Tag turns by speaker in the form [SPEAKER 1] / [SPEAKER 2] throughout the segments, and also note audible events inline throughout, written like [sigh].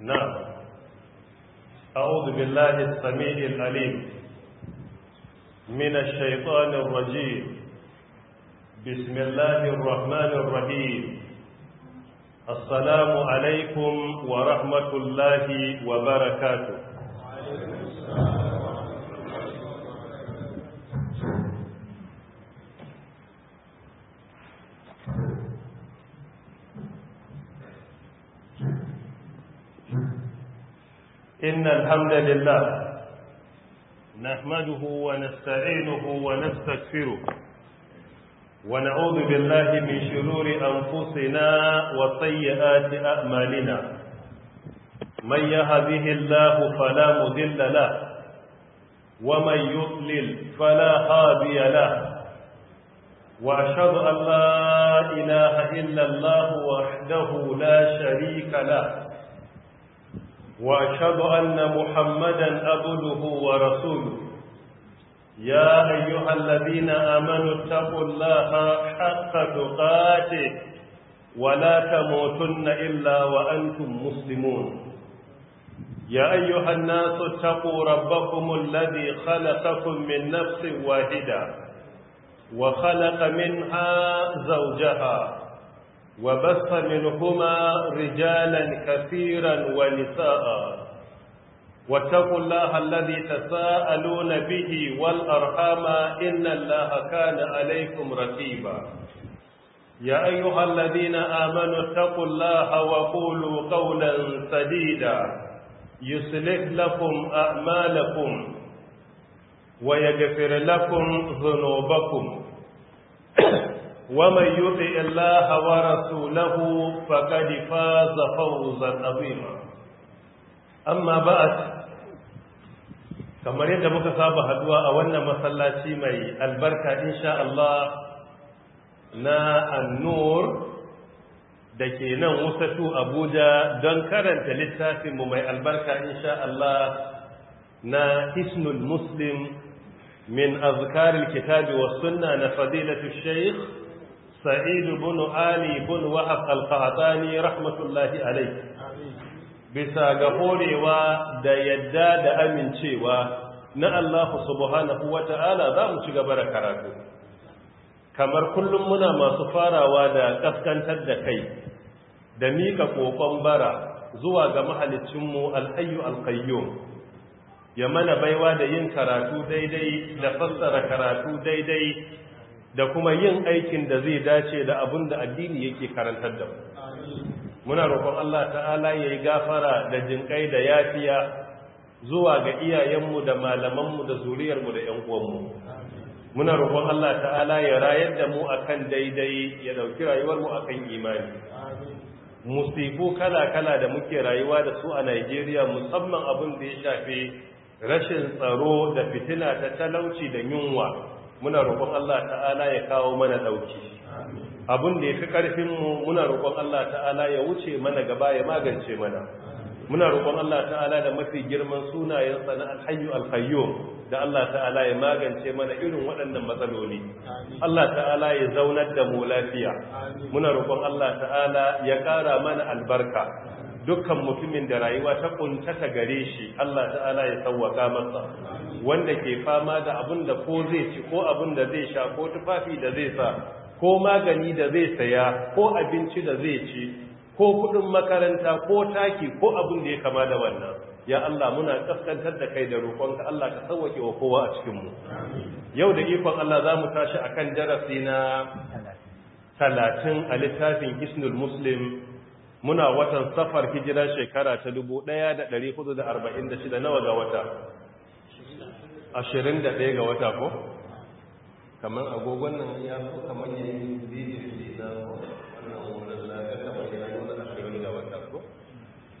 [SPEAKER 1] نعم أعوذ بالله السميع العليم من الشيطان الرجيم بسم الله الرحمن الرحيم السلام عليكم ورحمة الله وبركاته الحمد لله نحمده ونستعينه ونستكفره ونعوذ بالله من شرور أنفسنا وسيئات أعمالنا من يهده الله فلا مذل له ومن يضلل فلا هادي له وأشهد أن لا إله إلا الله وحده لا شريك له وأشهد أن محمدا أبده ورسوله يا أيها الذين آمنوا اتقوا الله حق تقاته ولا تموتن إلا وأنتم مسلمون يا أيها الناس اتقوا ربكم الذي خلقكم من نفس واحدة وخلق منها زوجها وبث منهما رجالا كثيرا ونساء واتقوا الله الذي تساءلون به والأرحام إن الله كان عليكم رقيبا يا أيها الذين آمنوا اتقوا الله وقولوا قولا سديدا يصلح لكم أعمالكم ويغفر لكم ذنوبكم ومن يطع الله ورسوله فقد فاز فوزا عظيما اما بعد kamar yadda muka saba haduwa a wannan masallaci mai albarka insha Allah na annur da ke nan wasatu Abuja don karanta littafinmu mai albarka insha Allah na Hisnul Muslim min azkaril kitabi wa sunna na fadilatu Sheikh سعيد بن علي بن وهب القهطاني رحمة الله عليه
[SPEAKER 2] bisa ga horewa da
[SPEAKER 1] yadda da amincewa na Allah subhanahu wata'ala za mu ci gaba da karatu kamar kullum muna masu farawa da kaskantar da kai da miƙa kokon bara zuwa ga mahalicinmu alhayyu alqayyum ya mana baiwa da yin karatu daidai da fassara karatu daidai da kuma yin aikin da zai dace da abin da addini yake karantar da muna roƙon Allah ta'ala ya yi gafara da jinƙai da yafiya zuwa ga iyayenmu da malamanmu da zuriyarmu da 'yan uwanmu muna roƙon Allah ta'ala ya rayar da mu akan daidai ya ɗauki rayuwarmu akan imani musibu kala-kala da muke rayuwa da su a Najeriya musamman abin da ya shafi rashin tsaro da fitina ta talauci da yunwa muna roƙon Allah ta'ala ya kawo mana ɗauki abin da ya fi ƙarfinmu muna roƙon Allah ta'ala ya wuce mana gaba ya magance mana muna roƙon Allah ta'ala da mafi girman sunayensa na alhayyu alhayyum da Allah ta'ala ya magance mana irin waɗannan matsaloli Allah ta'ala ya zaunar da mu lafiya muna roƙon Allah ta'ala ya ƙara mana albarka dukkan mutumin da rayuwa ta kuntata gare shi Allah ta'ala ya sawwaka masa wanda ke fama da abin da ko zai ci ko abin da zai sha ko tufafi da zai sa ko magani da zai saya ko abinci da zai ci ko kudin makaranta ko taki ko abin da ya kama da wannan ya Allah muna kaskantar da kai da roƙonka Allah ka sauwake wa kowa a cikin mu yau da ikon Allah zamu tashi akan darasi na 30 a littafin Ismul Muslim muna watan safar hijira shekara ta 1446 nawa ga wata 21 ga wata ko kamar agogon nan ya fi kamar yayin zidiri na wannan na wani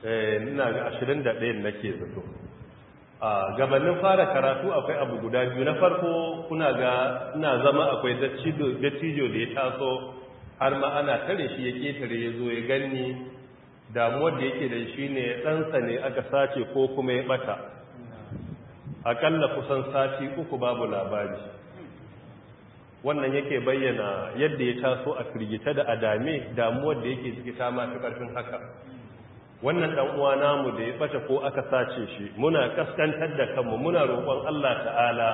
[SPEAKER 1] eh, ga ashirin da ɗaya ga 21 nake zato a gabanin fara karatu akwai abu guda biyu na farko kuna ga ina zama akwai dattijo da ya taso har ma ana tare shi ya ketare ya zo ya ganni damuwar da yake da shi ne ɗansa ne aka sace ko kuma ya ɓata aƙalla kusan sati uku babu labari wannan yake bayyana yadda ya taso a firgita da adame damuwar da yake ciki ta mafi ƙarfin haka wannan ɗan namu da ya ɓata ko aka sace shi muna ƙaskantar da kanmu muna roƙon Allah ta'ala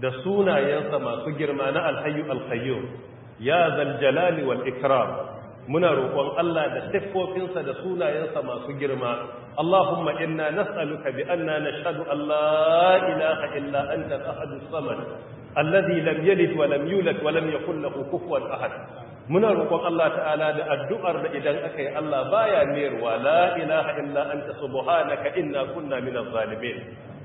[SPEAKER 1] da sunayensa masu girma na Alhayu alhayu ya zal jalali wal ikram muna roƙon Allah da siffofinsa da sunayensa masu girma Allahumma inna nas'aluka bi anna nashhadu an la ilaha illa anta ahadus samad alladhi lam yalid wa lam yulad wa lam yakul lahu kufuwan ahad muna roƙon Allah ta'ala da addu'ar da idan aka yi Allah baya nerwa la ilaha illa anta subhanaka inna kunna minaz zalimin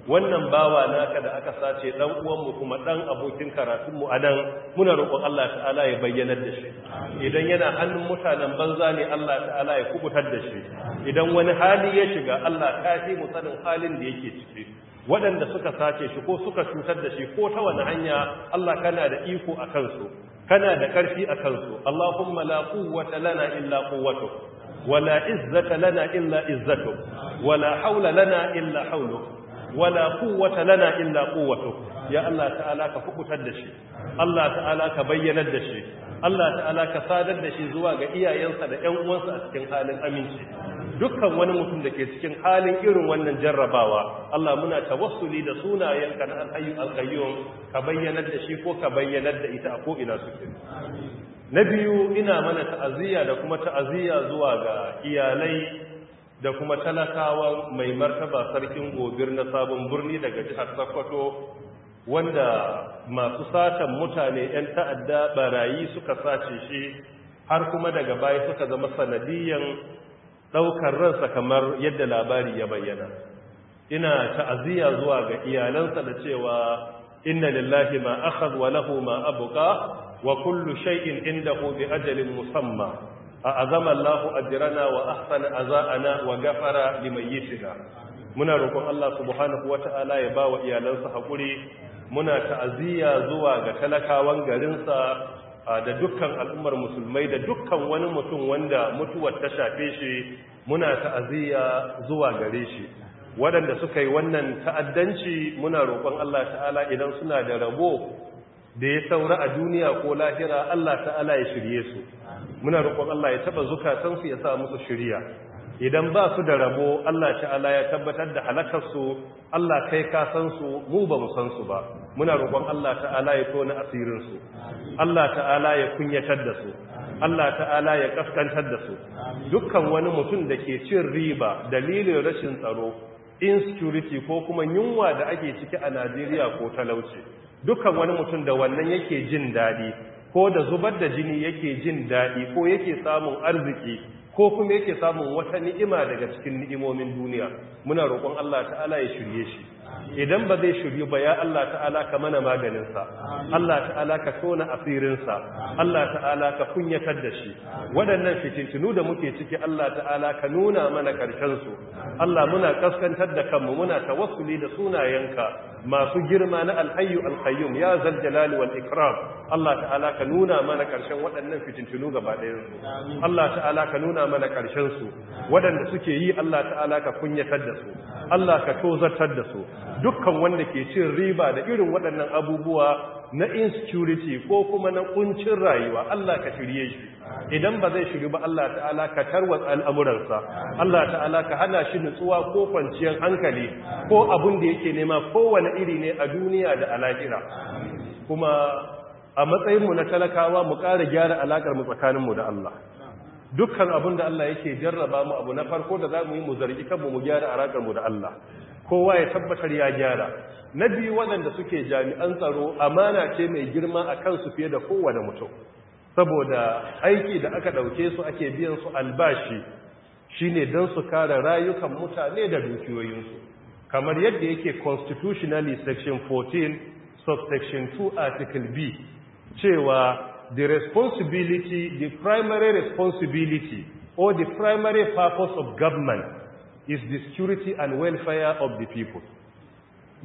[SPEAKER 1] wannan bawa naka da aka sace dan uwanmu kuma dan abokin karatunmu a dan muna roƙon Allah ta'ala ya bayyanar da shi idan yana hannun mutanen banza ne Allah ta'ala ya kubutar da shi idan wani hali ya shiga Allah ka mu sanin halin da yake ciki waɗanda suka sace shi ko suka cutar da shi ko ta wani hanya Allah kana da iko a kansu kana da ƙarfi a kansu Allahumma la quwwata lana illa quwwatuk wala izzata lana illa izzatuk wala haula lana illa hauluk wala quwwata lana illa quwwatuk ya Allah ta'ala ka fukutar da shi Allah ta'ala ka bayyanar da shi Allah ta'ala ka sadar da shi zuwa ga iyayensa da ƴan uwansa a cikin halin aminci dukkan wani mutum da ke cikin halin irin wannan jarrabawa Allah muna tawassuli da sunayenka na alhayyu alqayyum ka bayyanar da shi ko ka bayyanar da ita a ko ina suke na biyu ina mana ta'aziyya da kuma ta'aziyya zuwa ga iyalai da kuma talakawa mai martaba sarkin gobir na sabon birni daga jihar Sokoto wanda masu satan mutane 'yan ta'adda barayi suka sace shi har kuma daga baya suka zama sanadiyan ɗaukar ransa kamar yadda labari ya bayyana ina ta'aziyya zuwa ga iyalansa da cewa inna lillahi ma akhadha wa lahu ma abqa wa kullu shay'in indahu bi ajalin musamma أعظم الله أجرنا وأحسن mai yi لميتنا muna roƙon Allah subhanahu wata'ala ya ba wa iyalansa haƙuri muna ta'aziyya zuwa ga talakawan garinsa da dukkan al'ummar musulmai da dukkan wani mutum wanda mutuwar ta shafe shi muna ta'aziyya zuwa gare shi waɗanda suka yi wannan ta'addanci muna roƙon Allah ta'ala idan suna da rabo da ya saura a duniya ko lahira Allah ta'ala ya shirye su muna roƙon Allah ya taba zukatansu ya sa musu shiriya idan ba su da rabo Allah ta'ala ya tabbatar da su Allah kai ka san su mu ba mu san su ba muna roƙon Allah ta'ala ya tona asirin su Allah ta'ala ya kunyatar da su Allah ta'ala ya kaskantar da su dukkan wani mutum da ke cin riba dalilin rashin tsaro insecurity ko kuma yunwa da ake ciki a Najeriya ko talauci dukkan wani mutum da wannan yake jin daɗi ko da zubar da jini yake jin daɗi ko yake samun arziki ko kuma yake samun wata ni'ima daga cikin ni'imomin duniya muna roƙon Allah ta'ala ya shirye shi idan ba zai shirye ba ya Allah ta'ala ka mana maganinsa Allah ta'ala ka tona asirinsa Allah ta'ala ka kunyatar da shi waɗannan fitintunu da muke ciki Allah ta'ala ka nuna mana su Allah muna kaskantar da kanmu muna tawassuli da sunayenka masu girma na alhayyu alhayyum ya zal jalali wal ikram Allah ta'ala ka nuna mana karshen waɗannan fitintunu gaba ɗayan su Allah ta'ala ka nuna mana karshen su waɗanda suke yi Allah ta'ala ka kunyatar da su Allah ka tozartar da su dukkan wanda ke cin riba da irin waɗannan abubuwa na insecurity ko kuma na kuncin rayuwa Allah ka shirye shi idan ba zai shiru ba Allah ta'ala ka tarwatsa al'amuransa Allah ta'ala ka hana shi nutsuwa ko kwanciyar hankali ko abin da yake nema kowane iri ne a duniya da alakira kuma a matsayinmu na talakawa mu ƙara gyara alakar mu tsakaninmu da Allah dukkan abin da Allah yake jarraba mu abu na farko da za mu yi mu zargi kanmu mu gyara alakar mu da Allah kowa ya tabbatar ya gyara na biyu waɗanda suke jami'an tsaro amana ce mai girma a kansu fiye da kowane mutum saboda aiki da aka ɗauke su ake biyan su albashi shine don su kare rayukan mutane da dukiyoyinsu kamar yadda yake constitutionally section 14 subsection 2 article b cewa the responsibility the primary responsibility or the primary purpose of government is the security and welfare of the people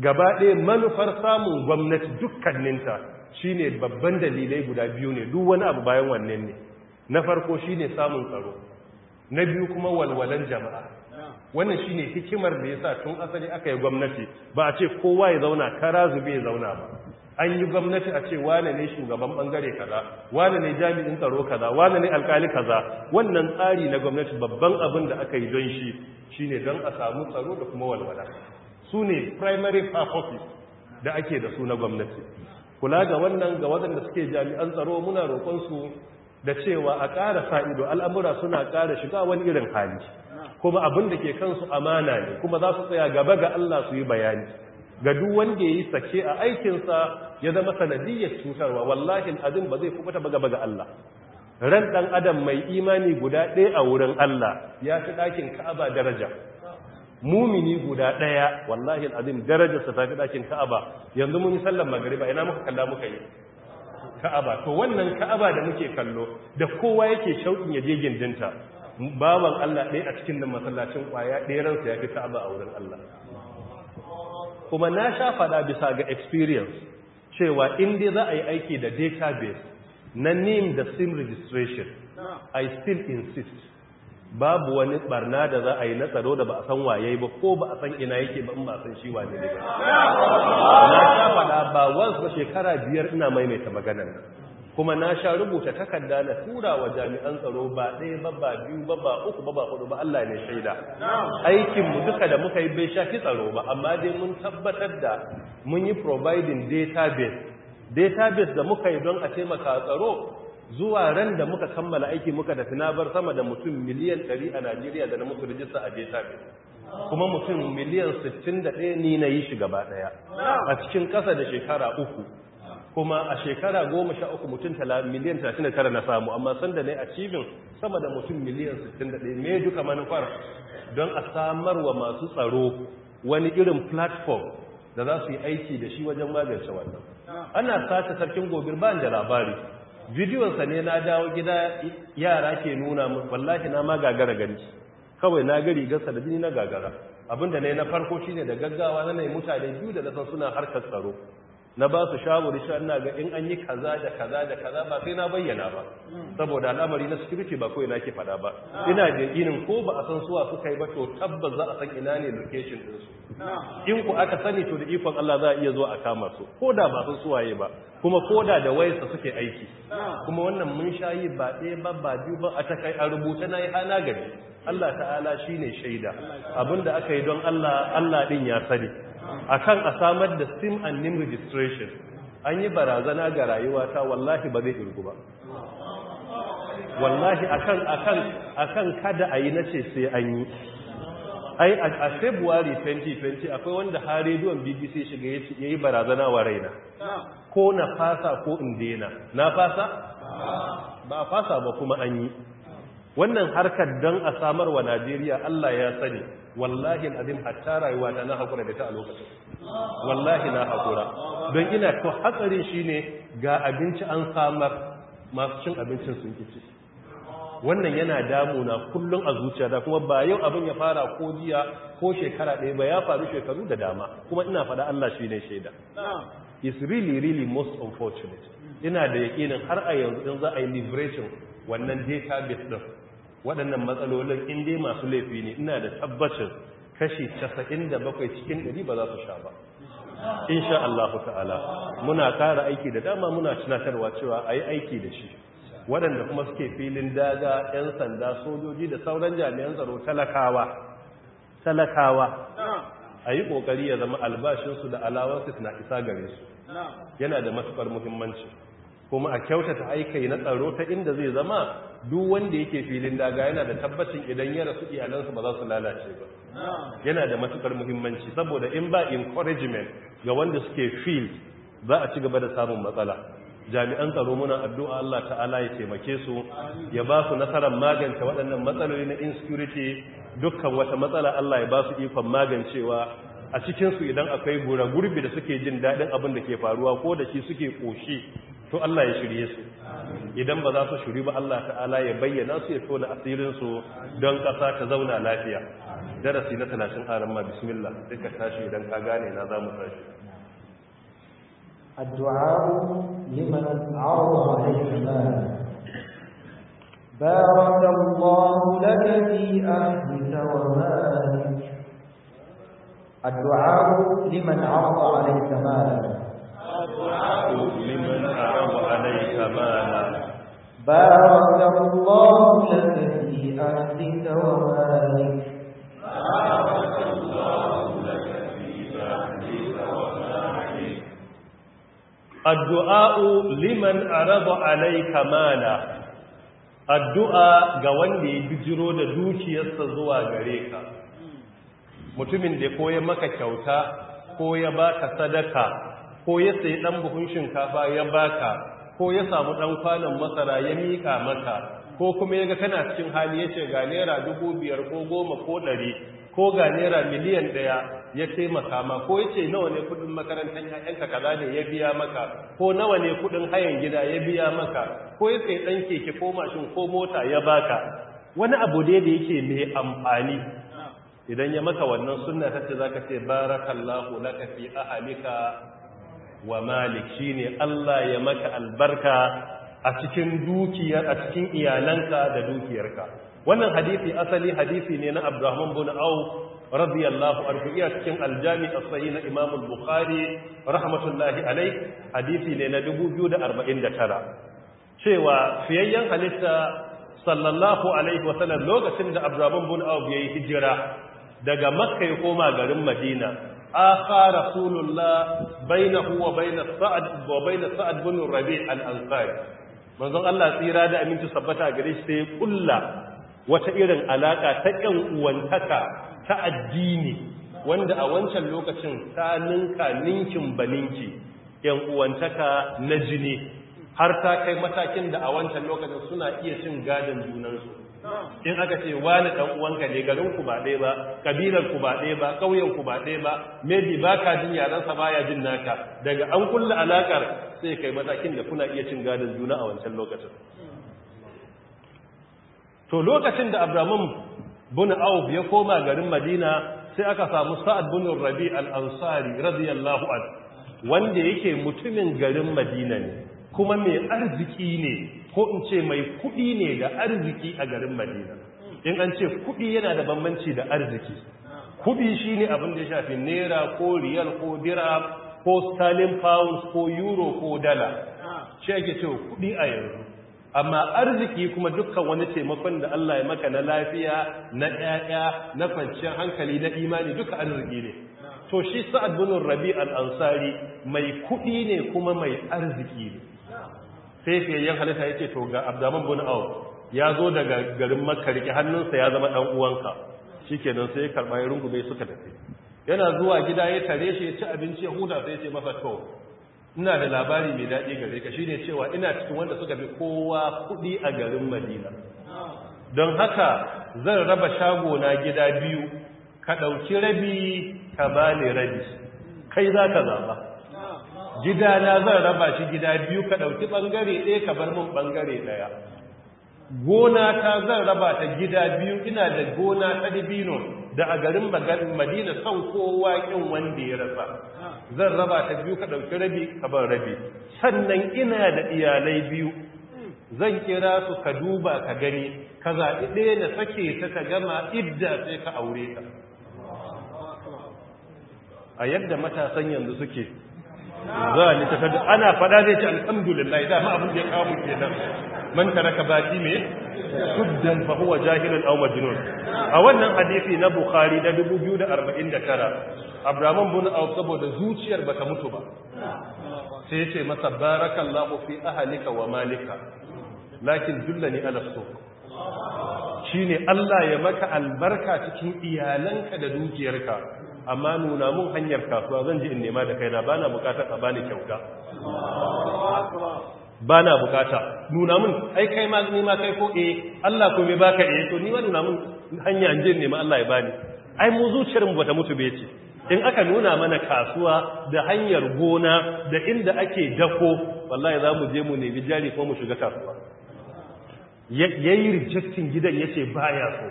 [SPEAKER 1] gaba ɗaya manufar samun gwamnati dukkaninta shi ne babban dalilai guda biyu ne duk wani abu bayan wannan ne na farko shi ne samun tsaro na biyu kuma walwalan jama'a wannan shi ne hikimar da ya sa tun asali aka yi gwamnati ba a ce kowa ya zauna kara zube ya zauna ba an yi gwamnati a ce wane ne shugaban bangare kaza wane ne jami'in tsaro kaza wane ne alkali kaza wannan tsari na gwamnati babban abin da aka yi don shi shine don a samu tsaro da kuma walwala su ne primary purposes da ake da su na gwamnati kula da wannan ga waɗanda suke jami'an tsaro muna roƙonsu da cewa a ƙara sa'ido al'amura suna ƙara shiga wani irin hali kuma abin da ke kansu amana ne kuma za su tsaya gaba ga Allah su yi bayani ga duk wanda ya yi sake a aikinsa ya zama sanadiyyar cutarwa wallahi azin ba zai kubuta ba gaba ga Allah ran ɗan adam mai imani guda ɗaya a wurin Allah ya fi ɗakin ka'aba daraja mumini guda daya wallahi alazim darajarsa ta fi dakin ka'aba yanzu mun yi sallar magriba ina muka kalla muka yi ka'aba to wannan ka'aba da muke kallo da kowa yake shauƙin ya je gindinta baban Allah ɗaya a cikin nan masallacin kwaya ɗaya ransa ya fi ka'aba a wurin Allah kuma na sha faɗa bisa ga experience cewa in dai za a yi aiki da database na name da sim registration i still insist babu wani barna da za a yi na tsaro da ba a san waye ba ko ba a san ina yake ba in ba a san shi wane ne ba na sha faɗa ba wasu shekara biyar ina maimaita maganar kuma na sha rubuta takarda na tura wa jami'an tsaro ba ɗaya ba ba biyu ba ba uku ba ba hudu ba Allah ne shaida aikin mu duka da muka yi bai sha ki tsaro ba amma dai mun tabbatar da mun yi providing database database da muka yi don a taimaka tsaro zuwa ran da muka kammala aiki muka da bar sama da mutum miliyan 100 a Najeriya da na musu rijista a database kuma mutum miliyan 61 ni na yi shi gaba daya a cikin ƙasa da shekara uku kuma a shekara goma sha uku mutum miliyan 39 na samu amma sanda ne a cibin sama da mutum miliyan 61 me duka manufar don a samar wa masu tsaro wani irin platform da za su yi aiki da shi wajen magance wannan ana sace sarkin gobir ba da labari bidiyonsa ne na dawo gida yara ke nuna mu wallahi na ma gagara gani kawai na gari gasa da jini na gagara abinda ne na farko shine da gaggawa na ne mutane biyu da nasan suna harkar tsaro na ba su shawari shi an ga in an yi kaza da kaza da kaza ba sai na bayyana ba saboda al'amari na security ba kawai na nake faɗa ba ina da yakinin ko ba a san suwa suka yi ba to tabbas za a san ina ne location din su in ku aka sani to da ikon Allah za a iya zuwa a kama su ko da ba su suwaye ba kuma koda da wayarsa suke aiki kuma wannan mun shayi ba ɗaya ba ba biyu ba a takai a rubuta na yi hana gari Allah ta'ala shi ne shaida abinda aka yi don Allah Allah ɗin ya sani a kan a samar da sim and name registration an yi barazana ga rayuwa ta wallahi ba zai irgu ba
[SPEAKER 2] wallahi a
[SPEAKER 1] kan kada a yi na ce sai an yi ai a february 2020 akwai wanda har rediyon bbc shiga ya yi barazana wa raina ko na fasa ko in daina na fasa ba a fasa ba kuma an yi wannan harkar dan a samar wa najeriya allah ya sani wallahi al'adun hatta rayuwa ta na haƙura da ta a lokacin wallahi na haƙura don ina to hatsari shine ga abinci an samar masu cin abincin sun kici wannan yana damuna kullum a zuciya da kuma ba yau abin ya fara ko jiya ko shekara ɗaya ba ya faru shekaru da dama kuma ina faɗa Allah shi ne shaida is really really most unfortunate ina da yakinin har a yanzu in za a yi liberation wannan database ɗin waɗannan matsalolin in dai masu laifi ne ina da tabbacin kashi 97 cikin 100 ba za su sha ba insha Allah ta'ala muna ƙara aiki da dama muna tunatarwa cewa a yi aiki da shi waɗanda kuma suke filin daga 'yan sanda sojoji da sauran jami'an tsaro talakawa talakawa a yi ƙoƙari ya zama albashinsu da alawarsu na isa gare su yana da matuƙar muhimmanci kuma a kyautata aikai na tsaro ta inda zai zama duk wanda yake filin daga yana da tabbacin idan ya rasu iyalinsu ba za su lalace ba yana da matuƙar muhimmanci saboda in ba encouragement ga wanda suke fil za a ci gaba da samun matsala jami'an tsaro muna addu'a Allah ta'ala ya taimake su ya ba su nasarar magance waɗannan matsaloli na insecurity dukkan wata matsala Allah ya ba su ikon magancewa a cikinsu idan akwai gura gurbi da suke jin daɗin abin da ke faruwa ko da shi suke ƙoshi to Allah ya shirye su idan ba za su shiri ba Allah ta'ala ya bayyana su ya tona asirinsu don ƙasa ta zauna lafiya darasi na 30 aron ma bismillah duka tashi idan ka gane na za mu tashi
[SPEAKER 3] الدعاء لمن عرض عليه المال بارك الله لك في أهلك ومالك الدعاء لمن عرض عليك مالا
[SPEAKER 2] الدعاء لمن عرض عليك مالا بارك الله لك
[SPEAKER 3] في أهلك ومالك
[SPEAKER 1] addu'a'u liman raba alaika mala addu'a ga wanda ya bijiro da dukiyarsa zuwa gare ka mutumin da ko ya maka kyauta ko ya baka sadaka ko ya sayi ɗan buhun shinkafa ya baka ko ya samu ɗan kwanon masara ya mika maka ko kuma ya ga kana cikin hali ya ce ga naira dubu biyar ko goma ko ɗari ko ga naira miliyan ɗaya ya taimaka ma ko ya ce nawa ne kudin makarantar 'ya'yanka kaza ne ya biya maka ko nawa ne kudin hayan gida ya biya maka ko ya ce dan keke ko mashin ko mota ya baka wani abu dai da yake mai amfani idan ya maka wannan sunna tace zaka ce barakallahu laka fi ahlika wa malik shine Allah ya maka albarka a cikin dukiyar a cikin iyalanka da dukiyarka wannan hadisi asali hadisi ne na Abdurrahman bin Auf radiyallahu anhu iya cikin aljami as na Imam bukhari rahmatullahi alai. hadisi ne na 2049 cewa fiyayyen halitta sallallahu alaihi wa sallam lokacin da Abdurrahman bin Auf yayi hijira daga Makka ya koma garin Madina akha rasulullah bainahu wa bain Sa'ad wa bain Sa'ad bin Rabi' al-Ansari manzon Allah tsira da aminci sabbata gare shi sai kulla wata irin alaka ta ƴan uwantaka ta addini wanda a wancan lokacin ta ninka ninkin baninki yan uwantaka na jini har ta kai matakin da a wancan lokacin suna iya cin gadon junansu in aka ce wani dan uwanka ne garin ku ba ɗaya ba kabilar ku ba ɗaya ba ƙauyen ku ba ɗaya ba maybe ba ka jin yaran sa baya jin naka daga an kulla alakar sai kai matakin da kuna iya cin gadon juna a wancan lokacin to lokacin da Abrahamu. bin auf ya koma garin madina sai aka samu sa'ad bin rabi al-ansari radiyallahu an wanda yake mutumin garin madina ne kuma mai arziki ne ko in ce mai kuɗi ne da arziki a garin madina in an ce kuɗi yana da bambanci da arziki kuɗi shine abin da ya shafi naira ko riyal ko bira ko sterling pounds ko euro ko dala shi ake cewa kuɗi a yanzu amma arziki kuma dukkan wani taimakon da Allah ya maka na lafiya na ƴaƴa na kwanciyar hankali na imani duka arziki ne to shi sa'ad bin rabi al-ansari mai kuɗi ne kuma mai arziki ne sai fiyayyen halitta ya ce to ga abdaman bin awu ya zo daga garin makka rike hannunsa ya zama ɗan uwanka shikenan sai ya karɓa ya rungume suka tafi yana zuwa gida ya tare shi ya ci abinci ya huda sai ya ce masa to ina da labari mai daɗi gare ka ne cewa ina cikin wanda suka fi kowa kuɗi a garin madina
[SPEAKER 2] don haka zan raba shago
[SPEAKER 1] na gida biyu ka ɗauki rabi ka ba ni rabi kai za ka gida gidana zan raba shi gida biyu ka ɗauki ɓangare ɗaya ka bar min ɓangare ɗaya gona ta zan raba ta gida biyu ina da gona ta dibino da a garin madina son kowa yin wanda ya rasa zan raba ta biyu ka ɗauki rabi ka ban rabi sannan ina da iyalai biyu zan kira su ka duba ka gani ka zaɓi ɗaya na sake ta ka gama idda sai ka aure ta a yadda matasan yanzu suke za a ta ana faɗa zai ce alhamdulillah dama abin da ya kawo mu kenan man taraka baki me suddan fa huwa jahilun aw majnun a wannan hadisi na bukhari da 249 abraman bin aw saboda zuciyar baka mutu ba sai yace masa barakallahu fi ahlika wa malika lakin dullani ala suq shine Allah ya maka albarka cikin iyalanka da dukiyarka amma nuna mun hanyar kasuwa zan ji in nema da kaina bana bukatar a bani kyauta ba na bukata nuna mun ai kai ma ni ma kai ko eh Allah ko bai baka eh to ni ma nuna mun hanya an je ne ma Allah ya bani ai mu zuciyar mu bata mutu bai ce in aka nuna mana kasuwa da hanyar gona da inda ake dako wallahi za mu je mu nemi jari ko mu shiga kasuwa yayi rejecting gidan yace baya so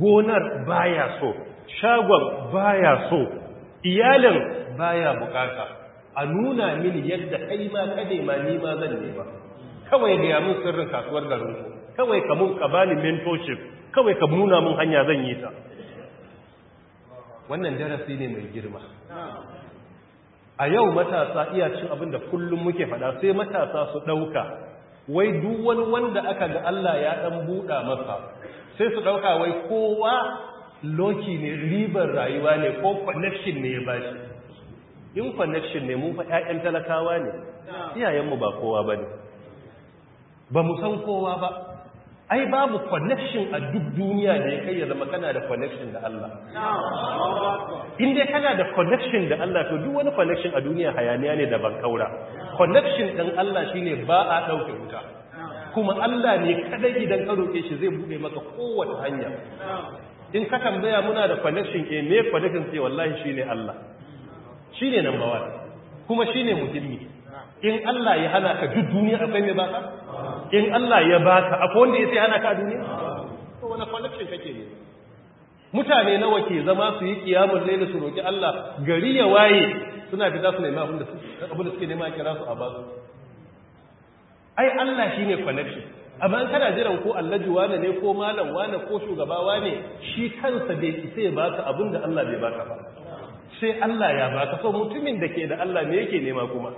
[SPEAKER 1] gonar baya so shagon baya so iyalin baya bukata a nuna mini yadda kai ma ka nema ni ma zan nema kawai da mun sirrin kasuwar garin ku kawai ka mun ka bani mentorship kawai ka nuna mun hanya zan yi ta wannan darasi ne mai girma a yau matasa iya cin abin da kullum muke faɗa sai matasa su ɗauka wai duk wani wanda aka ga Allah ya ɗan buɗa masa sai su ɗauka wai kowa loki ne ribar rayuwa ne ko connection ne ya bashi in connection ne mu fa ƴaƴan talakawa ne iyayenmu ba kowa ba ne ba mu san kowa ba ai babu connection a duk duniya da ya kai ya zama kana da connection da Allah
[SPEAKER 2] in dai kana da connection
[SPEAKER 1] da Allah to duk wani connection a duniya hayaniya ne da ban kaura connection ɗin Allah shine ba a ɗauke wuta kuma Allah ne kadai idan ka roƙe shi zai buɗe maka kowace hanya in ka tambaya muna da connection eh me connection sai wallahi shine Allah shi ne nan bawa kuma shi ne muhimmi in Allah ya hana ka duk duniya akwai mai baka in Allah ya baka akwai wanda ya sai hana ka a duniya ko wani connection kake ne mutane nawa ke zama su yi kiyamun laila su roki Allah gari ya waye suna fita su nema abinda da suke nema kira su a ba su ai Allah ne connection amma in kana jiran ko Allahi wane ne ko malam wane ko shugaba wane shi kansa bai isa ya baka abinda da Allah bai baka ba sai Allah ya baka so mutumin da ke da Allah me yake nema kuma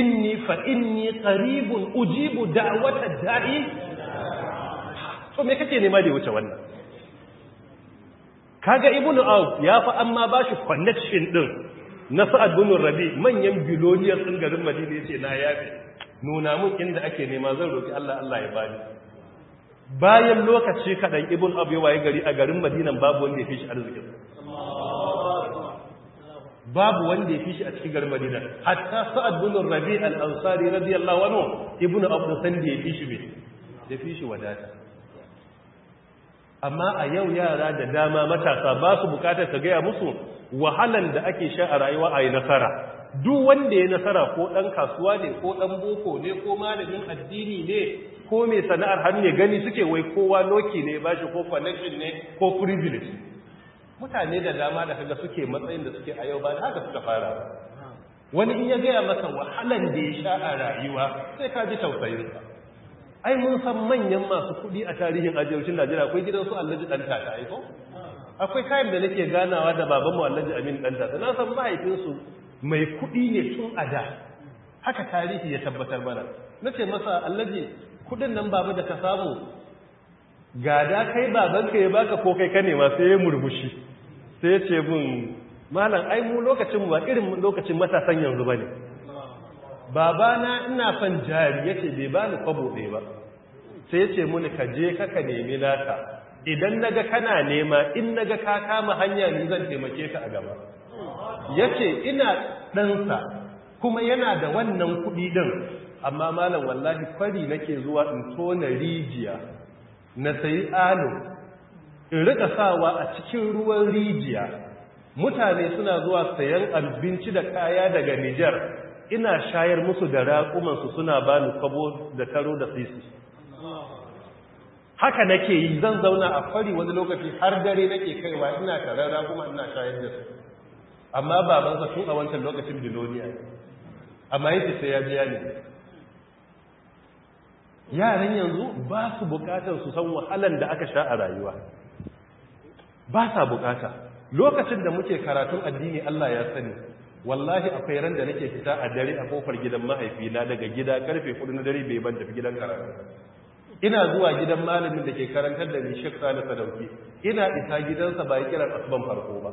[SPEAKER 1] inni fa inni qaribun ujibu da'watad da'i so me kake nema da wuce wannan kaga ibnu aw ya fa amma bashi connection din na sa'ad bin rabi manyan biloniyar sun garin madina yace na yafi nuna mun inda ake nema zan roki Allah Allah ya bani bayan lokaci kadan ibnu aw waye gari a garin madina babu wanda ya fi shi arzikin babu wanda ya fi shi a cikin garin Madina hatta Sa'ad bin Rabi' al-Ansari radiyallahu anhu ibn Abu sandi ya fi shi be ya fi shi wadata amma a yau yara da dama matasa ba su bukatar ka gaya musu wahalan da ake sha a rayuwa a yi nasara duk wanda ya nasara ko dan kasuwa ne ko dan boko ne ko malamin addini ne ko mai sana'ar hannu ne gani suke wai kowa loki ne ba shi ko connection ne ko privilege mutane da dama da kaga suke matsayin da suke a yau ba haka suka fara wani in ya gaya masa wahalan da ya sha a rayuwa sai ka ji tausayinsa ai mun san manyan masu kuɗi a tarihin ajiyarcin najeriya akwai gidan su allaji ɗan tata aiko akwai kayan da nake ganawa da babanmu allaji amin ɗan tata na san mahaifinsu mai kuɗi ne tun a da haka tarihi ya tabbatar mana na ce masa allaji kuɗin nan babu da ka samu gada kai babanka ya baka ko kai ka nema sai ya murmushi sai ya ce bin malam ai mu lokacin mu ba irin lokacin matasan yanzu bane. babana ina son jari yace ce bai bani kwabo ɗaya ba sai ya ce muni ka je kaka nemi naka idan naga kana nema in naga ka kama hanya ni zan taimake ka a gaba yace ce ina ɗansa kuma yana da wannan kuɗi ɗin amma malam wallahi kwari nake zuwa in tona rijiya na sayi alo in rika sawa a cikin ruwan rijiya mutane suna zuwa sayan abinci da kaya daga Nijar ina shayar musu da raƙumansu suna ba ni kwabo da karo da sisi haka nake yi zan zauna a fari wani lokaci har dare nake kaiwa ina tarar raƙuma ina shayar da su amma babansa tun a wancan lokacin biloniya amma yake sai ya biya ne yaran yanzu ba su bukatar su san wahalan da aka sha a rayuwa ba sa bukata lokacin da muke karatun addini Allah ya sani wallahi akwai ran da nake fita a dare a kofar gidan mahaifina daga gida karfe 4 na dare bai ban tafi gidan karatu ina zuwa gidan malamin da ke karantar da ni Sheikh Salih Sadauki ina ita gidansa ba kiran asban farko ba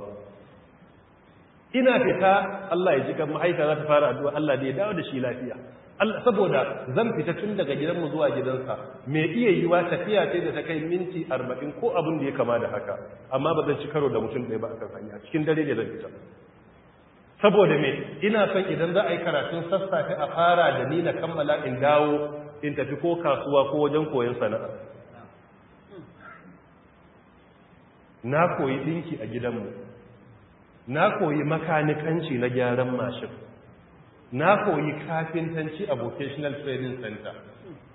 [SPEAKER 1] ina fita Allah ya ji kan mahaifa za ta fara addu'a Allah da ya dawo da shi lafiya saboda zan fita tun daga gidanmu zuwa gidansa mai iya yi wa tafiya ce da ta kai minti arba'in ko abin da ya kama da haka amma ba zan ci karo da mutum ɗaya ba a kan hanya cikin dare da zan fita saboda me ina son idan za a yi karatun sassafe a fara da ni na kammala in dawo in tafi ko kasuwa ko wajen koyon sana'a na koyi ɗinki a gidanmu na koyi makanikanci na gyaran mashin na koyi kafintanci a vocational training center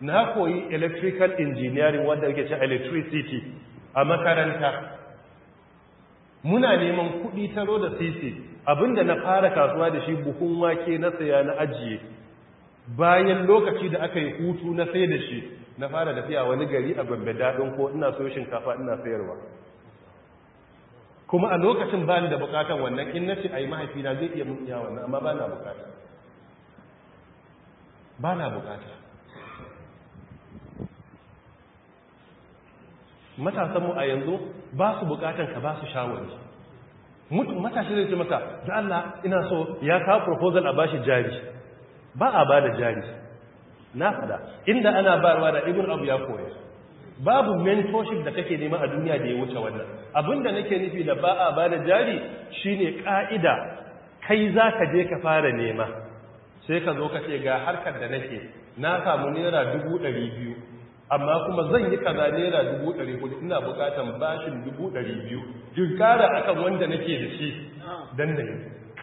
[SPEAKER 1] na koyi electrical engineering wanda yake ce electricity a makaranta muna neman kudi taro da sisi abinda na fara kasuwa da shi buhun wake na saya na ajiye bayan lokaci da aka yi hutu na sai da shi na fara tafiya wani gari a babbe daɗin ko ina so shinkafa ina sayarwa kuma a lokacin bani da bukatan wannan in na ce a yi mahaifina zai iya mun iya wannan amma ba na bukata ba na bukata matasanmu a yanzu ba su bukatan ka ba su Mutu, matashi zai ce mata da Allah ina so ya kawo proposal a bashi jari ba a ba da jari na fada inda ana barwa da ibn abu ya koya babu mentorship da kake nema a duniya da ya wuce wannan abinda nake nufi da ba a ba da jari shine ka'ida kai za ka je ka fara nema sai ka zo ka ce ga harkar da nake na samu nera dubu ɗari biyu amma kuma zan yi kaza nera dubu ɗari hudu ina bukatan bashin dubu ɗari biyu in ƙara akan wanda nake da shi don da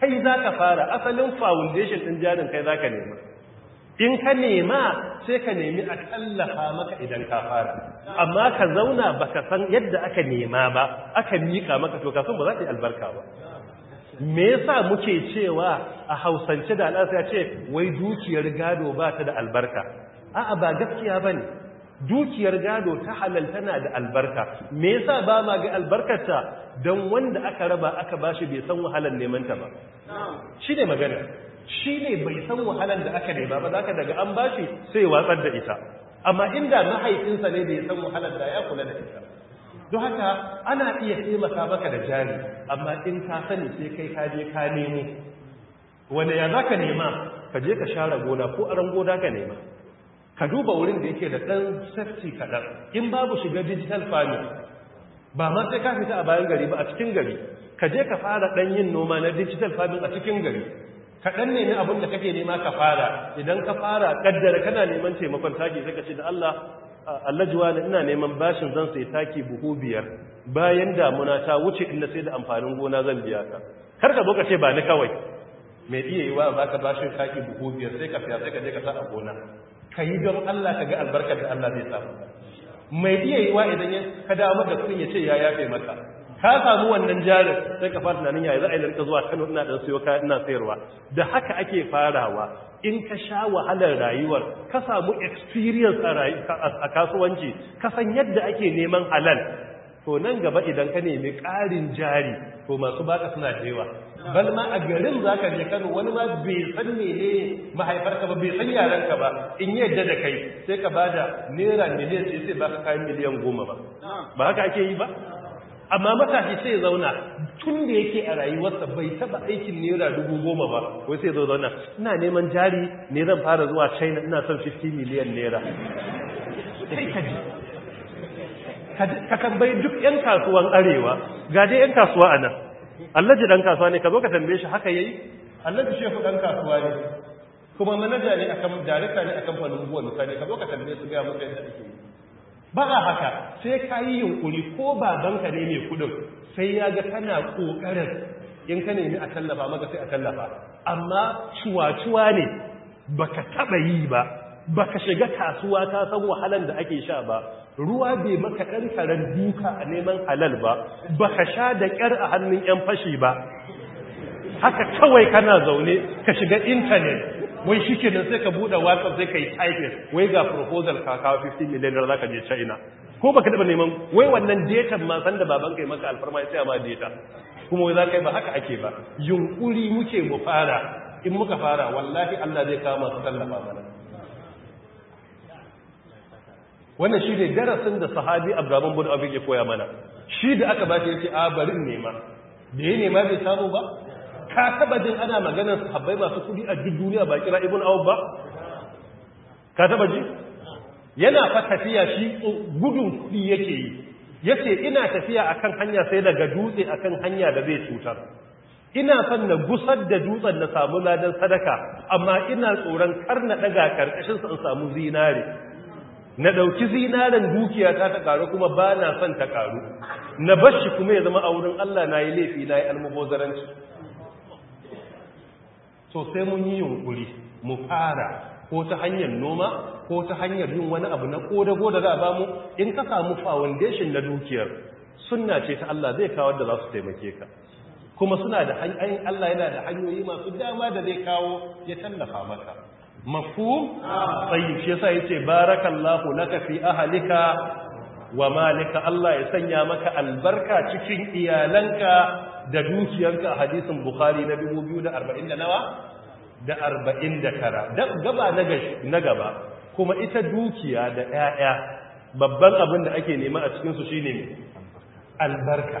[SPEAKER 1] kai za ka fara asalin foundation ɗin jarin kai za ka nema in ka nema sai ka nemi a tallafa maka idan ka fara amma ka zauna ba ka san yadda aka nema ba aka miƙa maka to kafin ba za ka yi albarka ba me yasa muke cewa a hausance da al'asa ya ce wai dukiyar gado ba ta da albarka a'a ba gaskiya bane dukiyar gado ta halal tana da albarka me yasa ba ma ga albarkar ta dan wanda aka raba aka bashi bai san wahalar neman ta ba shi ne magana shi ne bai san wahalar da aka nema ba zaka daga an bashi sai watsar da ita amma inda mahaifinsa ne bai san wahalar da ya kula da ita don haka ana iya taimaka maka da jari amma in ka sani sai kai kaje ka nemo wanda ya za ka nema ka je ka share gona ko aran gona ka nema ka duba wurin da yake da ɗan safety kaɗan in babu shiga digital farming ba ma sai ka fita a bayan gari ba a cikin gari ka je ka fara ɗan yin noma na digital farming a cikin gari ka ne nemi abin da kake nema ka fara idan ka fara ƙaddara kana neman taimakon taki sai ka ce da Allah allajuwa da ina neman bashin zan sai taki buhu biyar bayan damuna ta wuce inda sai da amfanin gona zan biya ka kar ka zo ka ce ba ni kawai mai iya yi wa ba ka bashin taki buhu biyar sai ka fiya sai ka je ka sa a gona ka yi don Allah ka ga albarkar da Allah zai samu mai iya yi wa idan ya ka dawo da kuɗin ya ce ya yafe maka ka samu wannan jarin sai ka fara tunanin ya za a yi larka zuwa Kano ina dan sayo kaya ina sayarwa da haka ake farawa in ka sha wahalar rayuwar ka samu experience a kasuwanci ka san yadda ake neman halal to nan gaba idan ka nemi ƙarin jari to masu baka suna da yawa bal ma a garin za ka je kano wani ma bai san mene mahaifarka ba bai san ka ba in yadda da kai sai ka ba da naira miliyan sai sai baka kayan miliyan goma ba ba haka ake yi ba amma matashi sai ya zauna tun da yake a rayuwarsa bai taba aikin naira dubu goma ba wai sai ya zauna ina neman jari ne zan fara zuwa china ina son 50 miliyan naira
[SPEAKER 2] ka tambayi duk 'yan kasuwan arewa ga dai 'yan kasuwa a
[SPEAKER 1] nan allaji dan kasuwa ne ka zo ka tambaye shi haka yayi allaji shefu ɗan kasuwa ne kuma manaja ne akan darita ne akan fannin buwa misali ka zo ka tambaye su ga mutane da ake yi ba a haka sai ka yi yunkuri ko babanka ne mai kudin sai ya ga kana ƙoƙarin in ka nemi a tallafa maka sai a tallafa amma cuwa-cuwa ne ba ka taɓa yi ba Ba ka shiga kasuwa ta san wahalan da ake sha ba ruwa bai maka ɗan karen duka a neman halal ba Ba ka sha da ƙyar a hannun 'yan fashi ba haka kawai kana zaune ka shiga intanet wai shi ke sai ka buɗe watsa sai ka yi wai ga proposal ka kawo 15 million dollar za ka je china ko baka daba neman wai wannan data ma san da baban kai maka alfarma sai ma data kuma wai za ka yi ba haka ake ba yunkuri muke mu fara in muka fara wallahi Allah zai kama masu tallafa mana wannan shi ne darasin da sahabi abdaman bin abin ya koya mana shi da aka ba shi ce a barin nema da ya nema bai samu ba ka taba jin ana maganar sahabbai masu kudi a duk duniya ba kira ibn awf ba ka taba ji yana fa tafiya shi gudun kudi yake yi yace ina tafiya akan hanya sai daga dutse akan hanya da zai cutar ina son na gusar da dutsen na samu ladan sadaka amma ina tsoron kar na daga karkashin sa in samu zinare na ɗauki zinaren dukiya ta ta karu kuma ba na son ta karu na bashi kuma ya zama a wurin Allah na yi laifi na yi almubozaranci Sosai sai mun yi yunkuri mu fara ko ta hanyar noma ko ta hanyar yin wani abu na kodago da za a bamu in ka samu foundation na dukiyar sunna ce ta Allah zai kawo da za su taimake ka kuma suna da hanyoyin Allah yana da hanyoyi masu dama da zai kawo ya tallafa maka mafhum sai shi yasa yace barakallahu laka fi ahlika wa malika Allah ya sanya maka albarka cikin iyalanka da dukiyarka a hadisin bukhari na 2040 da nawa da 49 da gaba na gaba kuma ita dukiya da 'ya'ya babban abin da ake nema a cikinsu shi ne albarka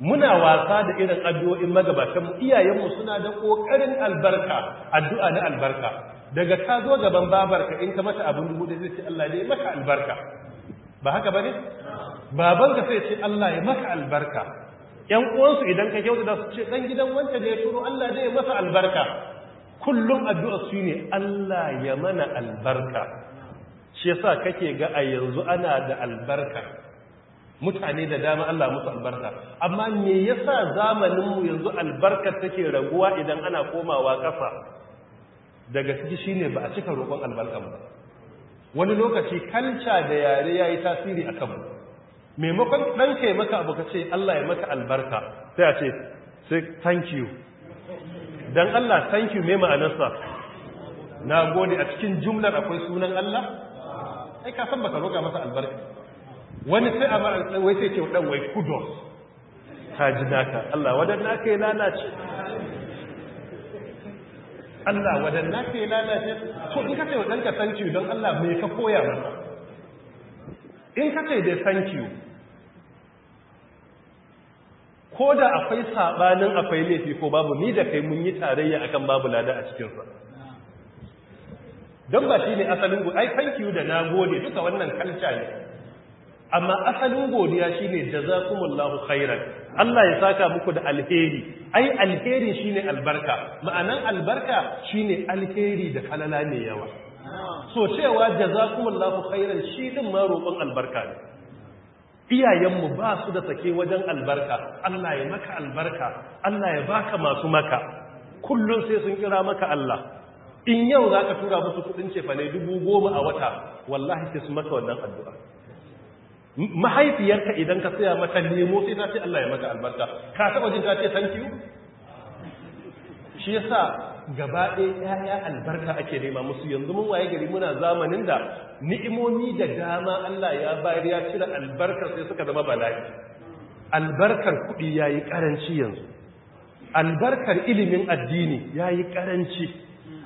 [SPEAKER 1] muna wasa da irin addu'o'in magabatanmu iyayenmu suna da ƙoƙarin albarka addu'a na albarka daga ka zo gaban babarka in ka mata abin dubu da zai ce Allah ya maka albarka ba haka ba ne? babanka sai ce Allah ya maka albarka ‘yan uwansu idan ka kyautu da su ce ɗan gidan wanda da ya shuru Allah zai masa albarka kullum addu'a su ne Allah ya mana albarka shi yasa kake ga a yanzu ana da albarka mutane da dama Allah musu albarka amma me yasa zamaninmu yanzu albarkar take raguwa idan ana komawa ƙasa daga ciki ne ba a cika roƙon albarkar ba wani lokaci kalca da yare ya yi tasiri a mu maimakon ɗanka yi maka abu ka ce Allah ya maka albarka sai a ce sai thank you
[SPEAKER 2] don Allah thank
[SPEAKER 1] you mai ma'anarsa na gode a cikin jumlar akwai sunan Allah ai ka san baka roƙa masa albarka wani sai a a wai sai ce ɗan wai kudos
[SPEAKER 2] ka ji naka Allah wadan
[SPEAKER 1] naka ya lalace
[SPEAKER 2] Allah wadan aka yi lalace to in ka sai wa ka thank you don Allah mai ka koya
[SPEAKER 1] masa in ka ce dai thank you ko da akwai sabanin akwai laifi ko babu ni da kai mun yi tarayya akan babu lada a cikinsa don ba shi ne asalin godiya ai thank you da na gode duka wannan kalca ne amma asalin godiya shi ne jazakumullahu khairan Allah ya saka muku da alheri ai alheri shi ne albarka ma'anan albarka shi ne alheri da kalala mai yawa so cewa jazakumullahu khairan shi din ma roƙon albarka ne iyayenmu ba su da sake wajen albarka Allah ya maka albarka Allah ya baka masu maka Kullum sai sun kira maka Allah in yau za ka tura musu kudin cefane ne dubu goma a wata wallahi sai su maka wannan addu'a mahaifiyarka idan ka tsaya mata nemo sai ta ce Allah ya maka albarka ka taɓa jin ta ce thank you shi yasa gaba ɗaya ‘ya'ya albarka ake nema musu yanzu mun waye gari muna zamanin da ni'imomi da dama Allah ya bayar ya cire albarkar sai suka zama bala'i albarkar kuɗi ya yi ƙaranci yanzu albarkar ilimin addini ya yi ƙaranci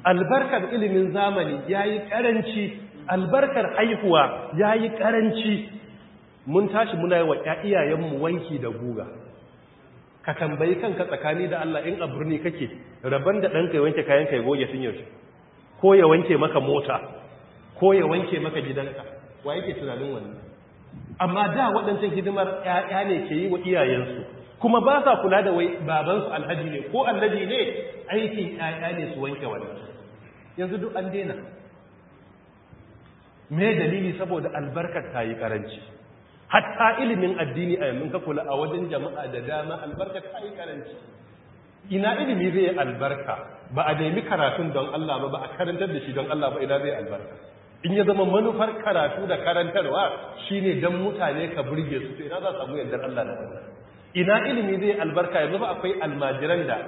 [SPEAKER 1] albarkar ilimin zamani ya yi ƙaranci albarkar haihuwa ya yi ƙaranci mun tashi muna yi wa iyayenmu wanki da guga ka tambayi kanka tsakani da Allah in a birni kake rabon da ɗanka ya wanke kayan ka goge sun yaushe ko ya wanke maka mota ko ya wanke maka gidanka wa yake tunanin wannan amma da waɗancan hidimar ƴaƴa ne ke yi wa iyayensu kuma ba sa kula da wai babansu alhaji ne ko alhaji ne aikin ‘ya'ya ne su wanke wannan yanzu duk an daina me dalili saboda albarkar ta yi ƙaranci hatta ilimin addini a yamin ka kula a wajen jama'a da dama albarka ta yi karanci ina ilimi zai albarka ba a daimi karatun don Allah ba ba a karantar da shi don Allah ba ina zai albarka in ya zama manufar karatu da karantarwa shine don mutane ka burge su ina za samu yardar Allah na wannan ina ilimi zai albarka yanzu ba akwai almajiran da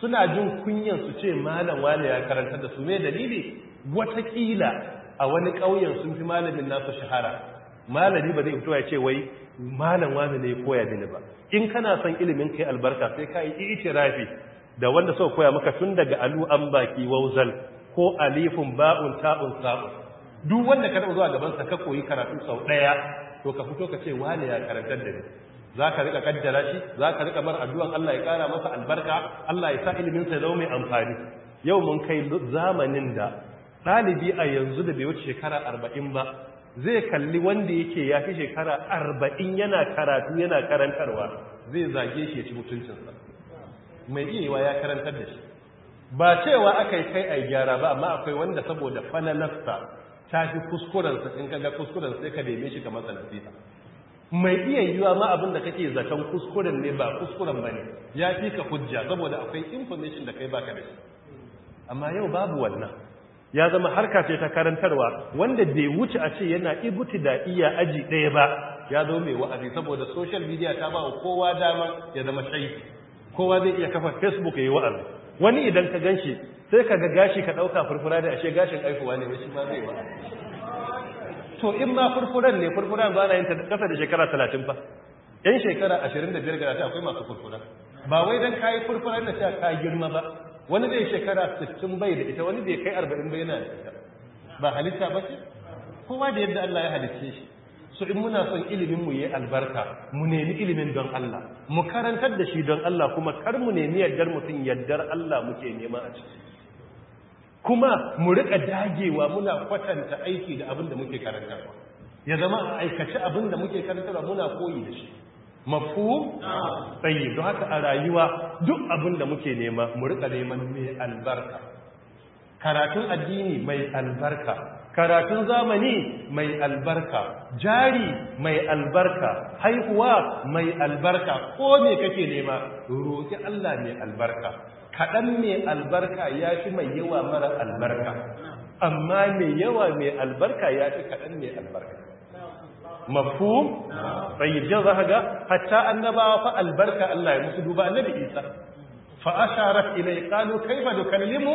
[SPEAKER 1] suna jin kunyan su ce malam wane ya karantar da su me dalili watakila a wani ƙauyen sun fi malamin nasu shahara malami ba zai fito ya ce wai malam wani ne koya mini ba in kana son ilimin kai albarka sai ka yi rafi. da wanda suka koya maka tun daga alu an baki wauzal ko alifun ba'un ta'un sa'un duk wanda ka zuwa gaban sa ka koyi karatu sau daya to ka fito ka ce wani ya karantar da ni zaka rika kaddara shi zaka rika bar addu'an Allah ya kara masa albarka Allah ya sa ilimin sa zama mai amfani yau mun kai zamanin da ɗalibi a yanzu da bai wuce shekara arba'in ba zai kalli wanda yake ya fi shekara arba'in yana karatu yana karantarwa zai zage shi ya ci mutuncinsa mai iyawa ya karantar da shi ba cewa aka yi kai a gyara ba amma akwai wanda saboda fananasta ta fi kuskurensa in kaga kuskurensa sai ka neme shi kamar sanasita mai iya yiwa ma abin da kake zaton kuskuren ne ba kuskuren ba ne ya fi ka hujja saboda akwai information da kai baka da shi amma yau babu wannan ya zama harka ce ta karantarwa wanda bai wuce a ce yana da iya aji ɗaya ba ya zo mai wa'azi saboda social media ta ba kowa dama ya zama shaidi kowa zai iya kafa facebook ya yi wa'azi wani idan ka gan shi sai ka ga gashi ka ɗauka furfura da ashe gashin aifuwa ne shi ma zai wa'azi to in ma furfuran ne furfuran ba na yin kasa da shekara talatin fa yan shekara ashirin da biyar gara ta akwai masu furfura ba wai don ka yi furfuran da ta ka girma ba wani zai shekara 60 bai da ita wani zai kai 40 bai na da ita ba halitta ba ce kowa da yadda Allah ya halicce shi su in muna son ilimin mu yi albarka mu nemi ilimin don Allah mu karantar da shi don Allah kuma kar mu nemi yaddar mutum yaddar Allah muke nema a ciki kuma mu rika dagewa muna kwatanta aiki da abin da muke karantarwa ya zama a aikace abin da muke karantarwa muna koyi da shi mafu tsayi don haka a rayuwa duk abin da muke nema mu neman mai albarka karatun addini mai albarka karatun zamani mai albarka jari mai albarka haihuwa mai albarka ko me kake nema roƙi Allah mai albarka kaɗan mai albarka ya fi mai yawa mara albarka amma mai yawa mai albarka ya fi kaɗan mai albarka
[SPEAKER 2] mafhum tayyib yau zaka ga hatta
[SPEAKER 1] annabawa fa albarka Allah ya musu duba annabi Isa fa asharat ilay qalu kayfa dukallimu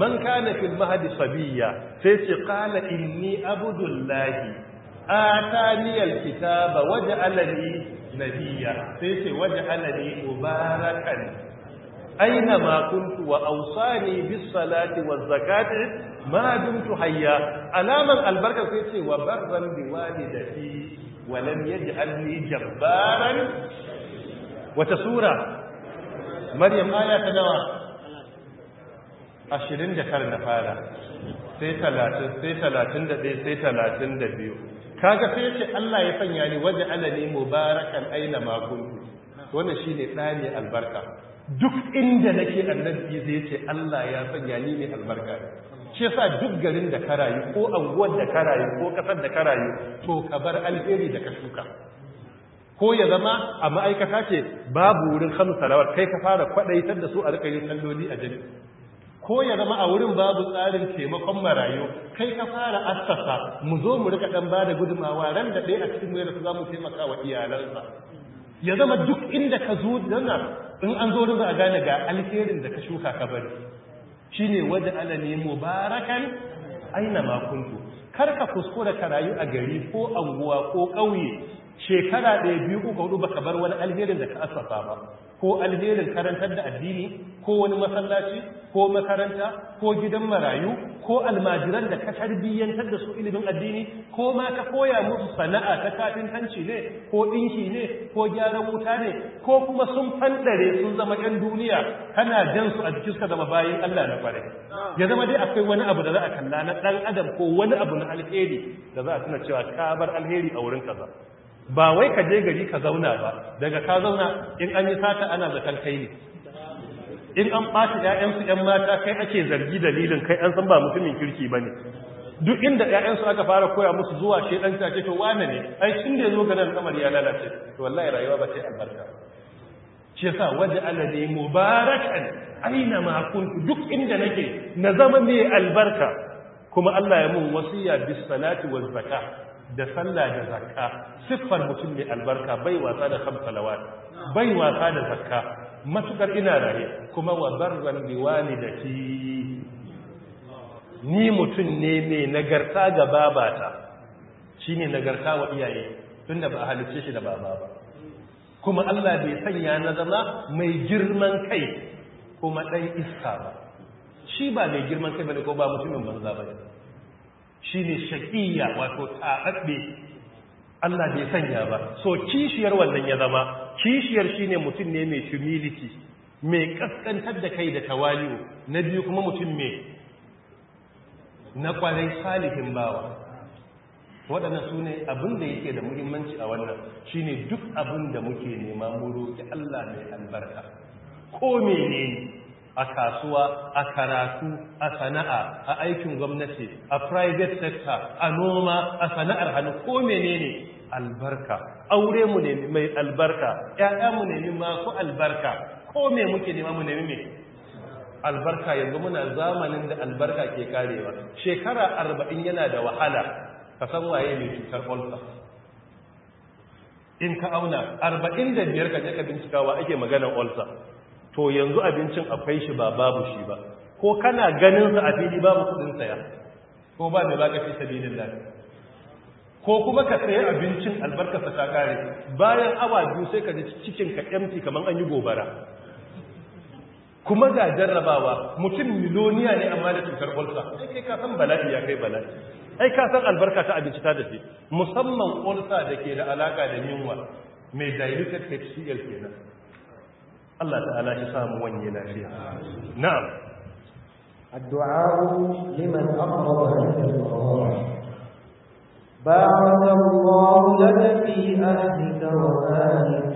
[SPEAKER 1] man kana fil mahdi sabiya sai ce qala inni abdullahi atani alkitaba waj'alani nabiyya sai ce waj'alani mubarakan aina ma kuntu wa Ausani bis salati waz zakati ma dumtu hayya alaman albarka sai ce wa barran bi walidati wa lam yaj'alni jabbaran wata sura maryam aya ta dawa. 29 da kar fara sai 30 sai 31 sai 32 kaga sai ce Allah ya sanya ni waje alani mubarakan aina ma kuntu wannan shine tsari albarka duk inda nake annabi zai ce Allah ya sanya ni ne albarka shi yasa duk garin da ka rayu ko anguwar da ka rayu ko kasar da ka rayu to ka bar alheri da ka shuka ko ya zama a ma'aikata ce babu wurin hannu salawar kai ka fara kwadaitar da su a rika salloli a jini ko ya zama a wurin babu tsarin taimakon marayu kai ka fara assasa mu zo mu rika dan bada gudumawa ran da ɗaya a cikin wayar su za mu taimaka wa iyalansa ya zama duk inda ka zo nan. in an zo da ba a gane ga alherin da ka shuka ka bari shi shine waje ala mubarakan aina ma kar ka kuskura ka rayu a gari ko anguwa ko ƙauye shekara ɗaya biyu uku hudu baka bar wani alherin da ka asasa ba ko alherin karantar da addini ko wani masallaci ko makaranta ko gidan marayu ko almajiran da ka tarbiyyantar da su ilimin addini ko ma ka koya musu sana'a ta kafin hanci ne ko ɗinki ne ko gyaran wuta ne ko kuma sun fandare sun zama ƴan duniya kana jan su a jikin suka zama bayan Allah na kwarai ya zama dai akwai wani abu da za a kalla na ɗan adam ko wani abu na alheri da za a tuna cewa ka bar alheri a wurin kaza ba wai ka je gari ka zauna ba daga ka zauna in an yi sata ana da kai ne in an ɓata ‘ya'yansu ‘yan mata kai ake zargi dalilin kai an san ba mutumin kirki ba ne duk inda ‘ya'yansu aka fara koya musu zuwa shaidan ta ce to wane ne ai shi ne zo ganin kamar ya lalace to wallahi rayuwa ba ce albarka shi yasa waje alade mubarakan aina ma kuntu duk inda nake na zama mai albarka kuma Allah ya mun wasiya bis salati waz zakah da sallah da zakka siffar mutum mai albarka bai wasa da kam salawat bai wasa da zakka matukar ina raye kuma wa barzan bi walidati ni mutum ne mai nagarta ga babata shine nagarta wa iyaye tunda ba halice shi da baba ba kuma Allah bai sanya na zama mai girman kai kuma dai iska ba shi ba mai girman kai bane ko ba mutumin banza bane ne shaqiyya wato tababbe Allah bai sanya ba so kishiyar wannan ya zama kishiyar shine mutum ne mai humility mai ƙasƙantar da kai da tawali'u na biyu kuma mutum mai na kwarai salihin bawa waɗannan su ne abin da yake da muhimmanci a wannan shi ne duk abin da muke nema muro ki Allah mai albarka ko mene ne a kasuwa a karatu a sana'a a aikin gwamnati a private sector a noma a sana'ar hannu ko menene albarka aure mu ne mai albarka ƴaƴa mu nemi masu albarka ko me muke nema mu nemi me albarka yanzu muna zamanin da albarka ke karewa shekara arba'in yana da wahala ka san waye mai cutar ulcer in ka auna arba'in da biyar ka je ka bincikawa ake maganar olsa to yanzu abincin akwai shi ba babu shi ba ko kana sa a fili babu kudin saya ko ba mai baka fi sabilin lafi ko kuma ka sayi abincin albarkasa ta kare bayan awa biyu sai ka ji cikin ka empty kamar an yi gobara kuma ga jarrabawa mutum miloniya ne amma da cutar ulsa sai kai ka san bala'i ya kai bala'i ai ka san albarka ta abinci ta dace musamman ulsa da ke da alaka da yunwa mai diluted HCl kenan Allah ta'ala ya samu wanye lafiya na'am
[SPEAKER 3] addu'a liman بارك الله لك في أهلك وآلك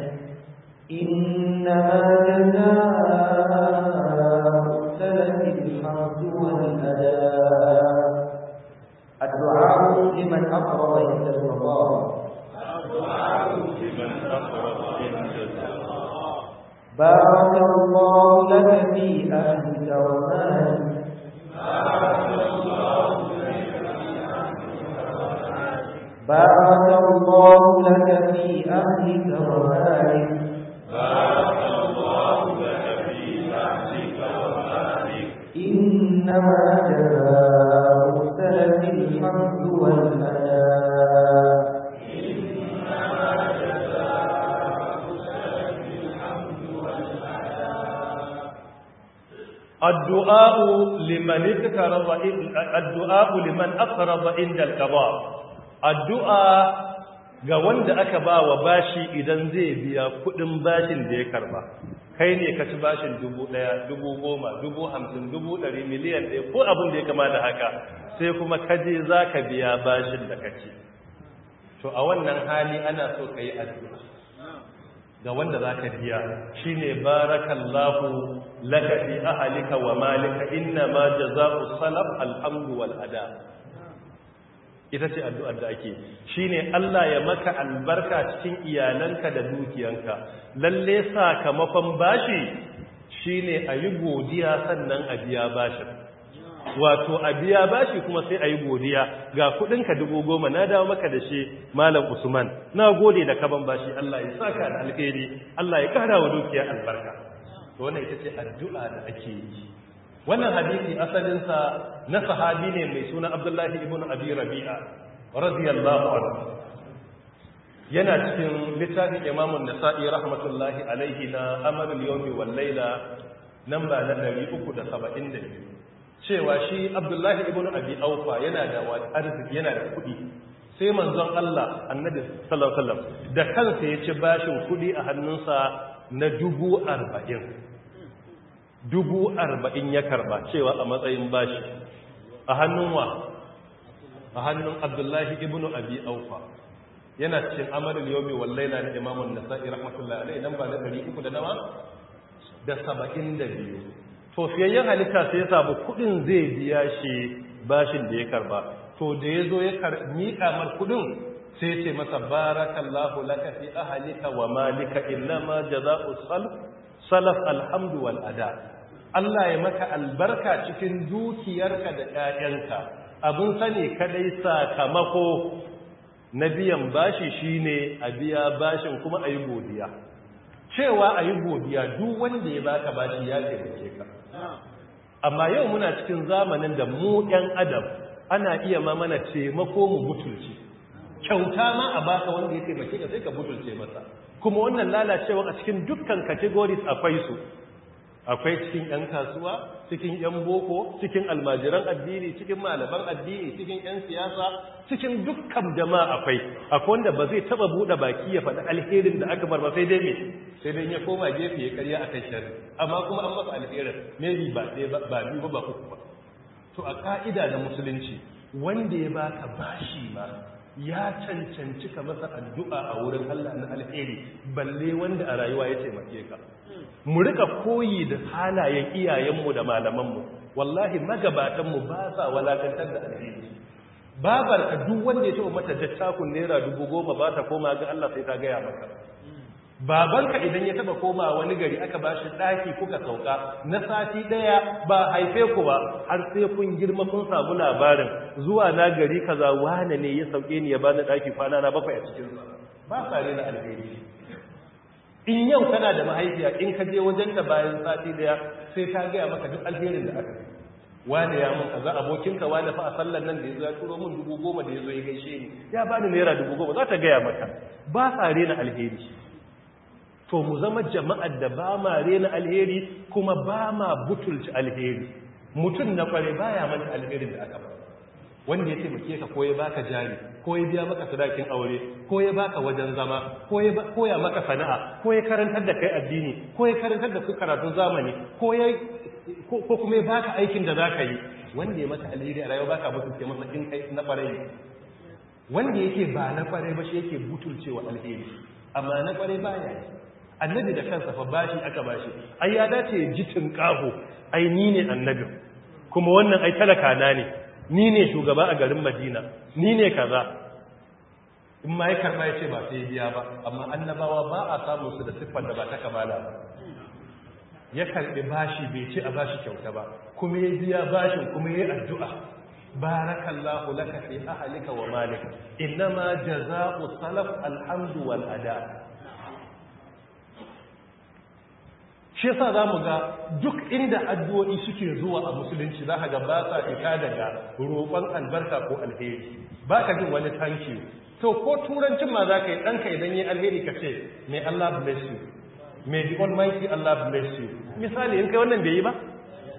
[SPEAKER 3] إنما جزاء سلف الحمد والأداء الدعاء لمن أقرب إلى الله
[SPEAKER 2] الدعاء لمن أقرب الله بارك
[SPEAKER 3] الله لك في أهلك ومالك بارك الله لك في أهلك ومالك
[SPEAKER 2] بارك الله لك في أهلك ومالك إنما
[SPEAKER 3] جزاء السلف الحمد والله
[SPEAKER 1] addu'a'u liman addu'a ga wanda aka ba wa bashi idan zai biya kudin bashin da ya karba kai ne ka ci bashin dubu ɗaya dubu goma dubu hamsin dubu ɗari miliyan daya ko abin da ya kama da haka sai kuma kaje za ka biya bashin da ka to a wannan hali ana so ka yi addu'a ga wanda za ka biya shi ne barakallahu laka fi ahalika wa malika inna ma jaza'u salaf alhamdu wal ada ita ce addu'ar da ake shi ne Allah ya maka albarka cikin iyalanka da dukiyanka lalle sakamakon bashi shi ne a yi godiya sannan a biya bashin wato a biya bashi kuma sai a yi godiya ga kudinka dubu goma na dawo maka da shi malam usman na gode da kaban bashi allah ya saka da alheri allah ya kara wa dukiya albarka to wannan ita ce addu'a da ake yi wannan hadisi asalinsa na sahabi ne mai suna abdullahi ibn abi rabi'a radiyallahu anhu yana cikin littafin imamun nasa'i rahmatullahi alaihi na amalul yawmi wal laila namba na 372 cewa shi abdullahi ibn abi aufa yana da arziki yana da kuɗi sai manzon Allah annabi sallallahu alaihi wasallam da kansa ya ci bashin kuɗi a hannunsa na dubu arba'in dubu arba'in ya karba cewa a matsayin bashi a hannun wa a hannun abdullahi ibn abi aufa yana cikin amalin yomi wallaila na imamun nasa'i rahmatullahi alaihi dan ba na 300 da nawa da 72 to fiyayyen halitta sai ya samu kudin zai biya shi bashin da ya karba to da ya zo ya miƙa mar kudin sai ce masa barakallahu laka fi ahlika wa malika illa ma jazaa'u salaf alhamdu wal ada Allah ya maka albarka cikin dukiyarka da 'ya'yanka abun sani kadai sakamako na biyan bashi shine a biya bashin kuma ayi godiya cewa ayi godiya duk wanda ya baka bashi ya taimake ka amma yau muna cikin zamanin da mu ɗan adam ana iya ma mana taimako mu butulce kyauta ma a baka wanda ya taimake ka sai ka butulce masa kuma wannan lalacewa a cikin dukkan categories akwai su akwai cikin 'yan kasuwa cikin yan boko cikin almajiran addini cikin malaman addini cikin yan siyasa cikin dukkan jama'a akwai akwai wanda ba zai taba buɗe baki ya faɗi alherin da aka bar ba sai dai me sai dai ya koma gefe ya karya akan sharri amma kuma an masa alherin maybe ba sai ba ba ba ba to a ka'ida na musulunci wanda ya baka bashi ba ya cancanci ka masa addu'a a wurin Allah na alheri balle wanda a rayuwa ya taimake ka mu rika koyi da halayen iyayenmu da malamanmu wallahi magabatanmu ba sa walakantar da alheri babar ka duk wanda ya taɓa mata dattakun naira dubu goma ba ta koma ga Allah sai ta gaya maka babanka idan ya taɓa koma wani gari aka ba shi ɗaki kuka sauka na sati ɗaya ba haife ku ba har sai kun girma kun samu labarin zuwa na gari kaza wane ne ya sauke ni ya bani ɗaki kwana na bakwai a cikin ba sa rena alheri in yau kana da mahaifiya in ka je wajen da bayan sati daya sai ta gaya maka duk alherin da aka wani ya mun kaza abokinka wani fa a sallan nan da ya ya turo min dubu goma da ya zo ya gaishe ni ya ba ni naira dubu goma za ta gaya maka ba sa rena alheri to mu zama jama'ar da ba ma rena alheri kuma ba ma butulci alheri mutum na kware baya mani alherin da aka wanda ya taimake ka ko ya baka jari ko ya biya maka sadakin aure ko ya baka wajen zama ko ya koya maka sana'a ko ya karantar da kai addini ko ya karantar da kai karatun zamani ko ya ko kuma ya baka aikin da zaka yi wanda ya maka alheri a rayuwa baka mutunce masa in kai na kwarai wanda yake ba na kwarai ba shi yake wa alheri amma na kwarai baya ya annabi da kansa fa bashi aka bashi ai ya dace jitin kaho ai ni ne annabin kuma wannan ai talaka na ne ni ne shugaba a garin madina ni ne kaza in ma ya karba ya ce ba sai biya ba amma annabawa ba a samun su da siffar da ba ta kamala ba ya karbi bashi bai ce a bashi kyauta ba kuma ya biya bashin kuma ya addu'a barakallahu laka fi ahlika wa malik inma jaza'u salaf alhamdu wal ada shi yasa za mu ga duk inda addu'o'i suke zuwa a musulunci za ka ga ba sa fita daga roƙon albarka ko alheri ba ka jin wani tanki. to ko turancin ma za ka yi ɗanka idan yi alheri ka ce may Allah bless you may the almighty Allah bless you misali in kai wannan bai yi ba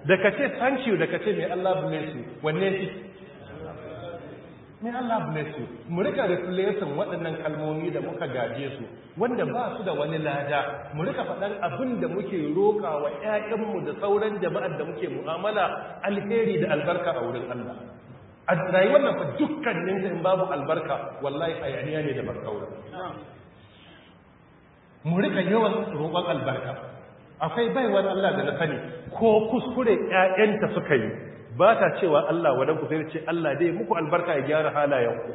[SPEAKER 1] da ka ce thank you da ka ce may Allah bless you wanne May Allah bless you. Mu rika replacing waɗannan kalmomi da muka gaje su wanda ba su da wani lada. Mu rika faɗan abin da muke roƙa wa 'ya'yanmu da sauran jama'ar da muke mu'amala alheri da albarka a wurin Allah. A rayuwar wannan fa dukkan dukkanin in babu albarka wallahi yariya ne da barkaura. Mu yawan roƙon albarka. Akwai baiwar Allah da na sani ko kuskure 'ya'yanta suka yi. ba ta cewa Allah wadan ku sai ce Allah dai muku albarka ya gyara halayen ku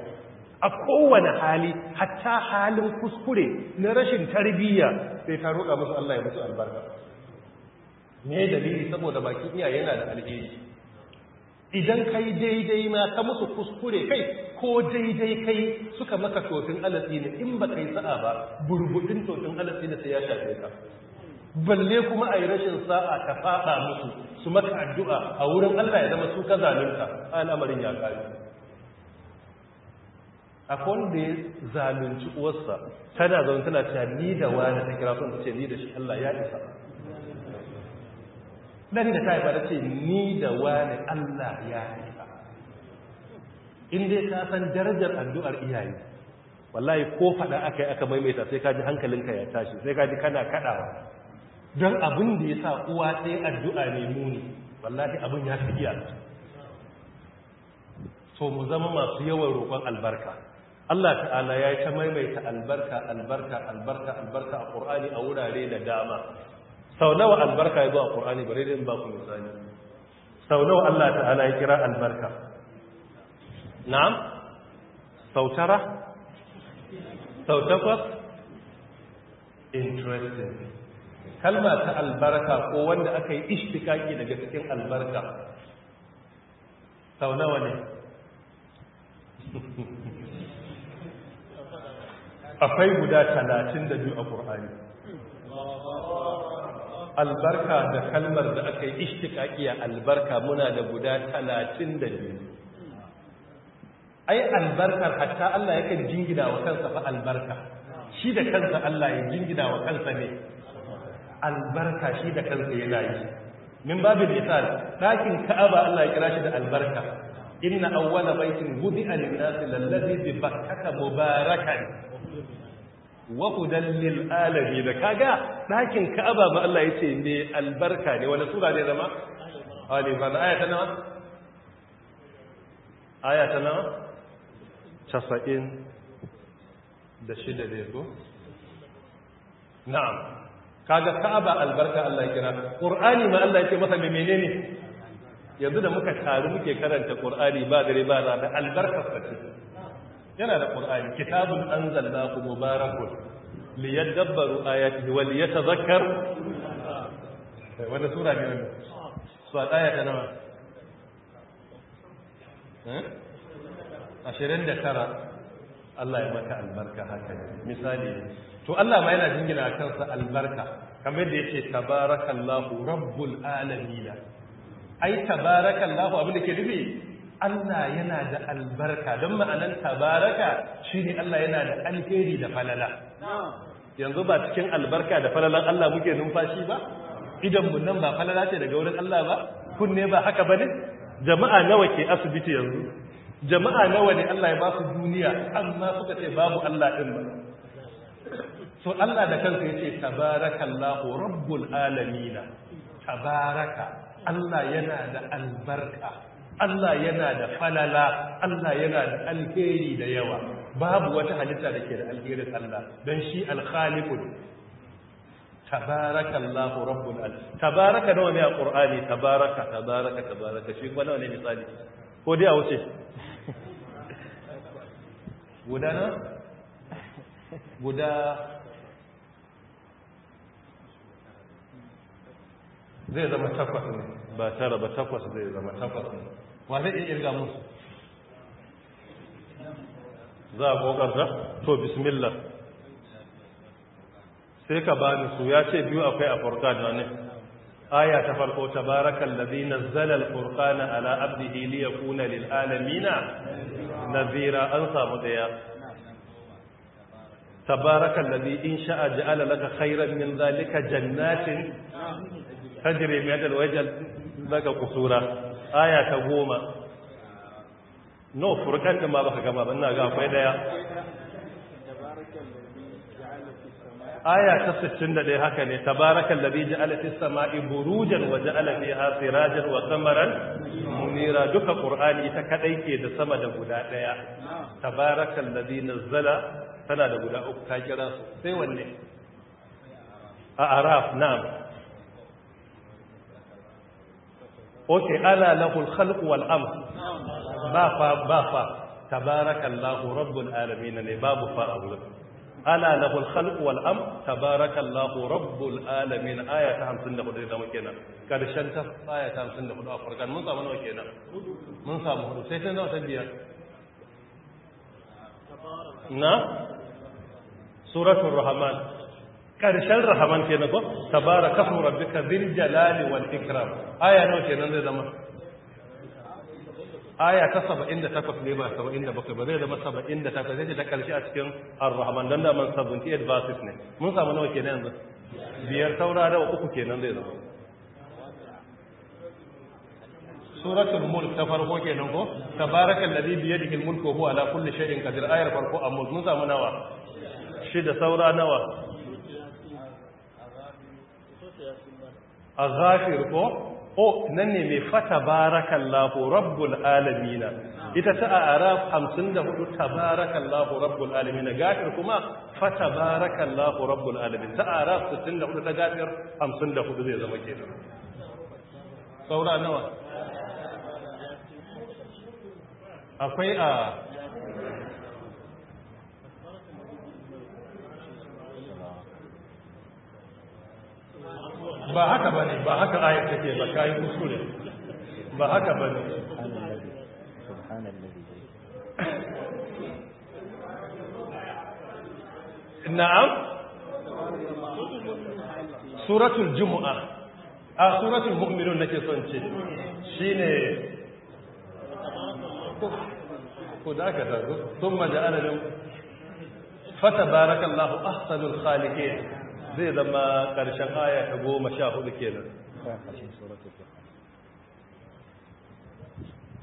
[SPEAKER 1] a kowane hali hatta halin kuskure na rashin tarbiyya sai ta roƙa musu Allah ya musu albarka me dalili saboda bakin iyaye yana da alheri idan kai daidai ma ka musu kuskure kai ko daidai kai suka maka tofin alatsi ne in ba kai sa'a ba burbuɗin tofin alatsi ne sai ya shafe ka balle kuma a yi rashin sa'a ka faɗa musu su maka addu'a a wurin Allah ya zama su ka zalunta al'amarin ya kare a wanda ya zalunci uwarsa tana zaune tana cewa ni da wani ta kira sun ce ni da shi Allah ya isa Nan da ta yi fara ce ni da wani Allah ya isa in dai ka san darajar addu'ar iyaye wallahi ko faɗa aka yi aka maimaita sai ka ji hankalinka ya tashi sai ka ji kana kaɗawa don abin da ya sa uwa sai addu'a ne muni wallahi abin ya fi iya so mu zama masu yawan roƙon albarka Allah ta'ala ya yi ta maimaita albarka albarka albarka albarka a ƙorani a wurare da dama sau nawa albarka ya zo a ƙorani bare da in ba ku misali sau nawa Allah ta'ala ya kira albarka na'am sau tara sau takwas interesting kalma ta albarka ko wanda aka yi ishtikaki daga cikin albarka sau nawa ne
[SPEAKER 2] [laughs] akwai guda talatin da biyu a ƙur'ani albarka da kalmar da
[SPEAKER 1] aka yi ishtikaki a albarka muna da guda talatin da biyu ai albarkar hatta Allah yakan jingina wa kansa fa albarka shi da kansa Allah ya jingina wa kansa ne albarka shi da kansa yana yi min babin misal ɗakin ka'aba Allah ya kira shi da albarka inna awwala baitin wudi'a lin-nasi lallazi bi bakkata mubarakan wa hudan lil alamin da kaga ɗakin ka'aba ba Allah yace ne albarka ne wala sura ne zama Ali Imran aya ta nawa aya ta nawa da shida ne ko na'am kaga ka'aba albarka Allah ya kira qur'ani ma Allah ya ce masa menene yanzu da muka taru muke karanta qur'ani ba dare ba rana albarka take yana da qur'ani kitabun anzalnahu mubarakun liyadabbaru ayatihi wa liyatadhakkar eh, wannan sura ne ne su aya ta nawa eh? ashirin da tara Allah ya maka albarka haka misali to Allah ma yana jingina kansa albarka kamar yadda yake tabarakallahu rabbul alamin ai tabarakallahu abin da ke nufi Allah yana da albarka don ma'anan tabaraka shine Allah yana da alheri da falala yanzu ba cikin albarka da falalan Allah muke numfashi ba idan mun nan ba falala ce daga wurin Allah ba kunne ba haka bane jama'a nawa ke asibiti yanzu jama'a nawa ne Allah ya ba su duniya amma suka ce babu Allah din ba so Allah da kansa yace tabarakallahu rabbul alamin tabaraka Allah yana da albarka Allah yana da falala Allah yana da alheri da yawa babu wata halitta da ke da alherin Allah don shi alkhaliqu tabarakallahu rabbul al tabaraka nawa ne a qur'ani tabaraka tabaraka tabaraka shi kuma nawa ne misali ko dai a wuce
[SPEAKER 2] gudana guda
[SPEAKER 1] zai zama takwas ne ba tara ba takwas zai zama takwas ne wa zai iya irga musu za a kokarta to bismillah sai ka ba ni su ya ce biyu akwai a furkan ne aya ta farko tabarakal na zalal al na ala abdihi kuna lil'alamina na zira an samu daya
[SPEAKER 2] تبارك الذي إن شاء جعل لك خيرا من ذلك جنات تجري
[SPEAKER 1] من هذا الوجل لك قصورا آية تقوم نو فرقان ما بك كما بنا غافي ديا
[SPEAKER 2] آية تستند دي هكذا
[SPEAKER 1] تبارك الذي جعل في السماء بروجا وجعل فيها سراجا وقمرا munira duka qur'ani ita kadai ke da sama da guda daya tabarakal ladzi nazzala tana da guda uku ta kira su sai wanne a araf na'am oke ala lahul khalqu wal amr ba fa ba fa tabarakallahu rabbul alamin ne babu fa abu ala lahul khalqu wal amr tabarakallahu rabbul alamin ayata 54 da muke nan karshen ta ayata 54 a farkan mun samu nawa kenan mun samu sai sai da ta biyar na suratul rahman karshen rahman kenan ko tabaraka rabbika dhil jalali wal ikram aya nawa kenan zai zama aya ta 78 ne ba 77 ba zai zama 78 zai da karshe a cikin ar-rahman dan da man 78 verses ne mun samu nawa kenan yanzu biyar saura da uku kenan zai zama suratul mulk ta farko kenan ko tabarakal ladhi bi yadihi almulku huwa ala kulli shay'in qadir ayar farko amma mun samu nawa shi da saura nawa
[SPEAKER 2] azafir ko
[SPEAKER 1] o nan ne mai fata barakallahu rabbul alamin ita ta a arab 54 tabarakallahu rabbul alamin gafir kuma fata barakallahu rabbul alamin ta arab 64 ta gafir 54 zai zama kenan saura nawa
[SPEAKER 2] akwai a ah, ba haka ba ne ba haka ayat take ba yi kuskure ba haka ba ne na'am suratul
[SPEAKER 1] jumu'a a ah, suratul mu'minun nake son ce shine ko da aka tazo sun maja'ala min fata barakallahu ahsanul khaliqin zai zama karshen aya ta goma sha hudu kenan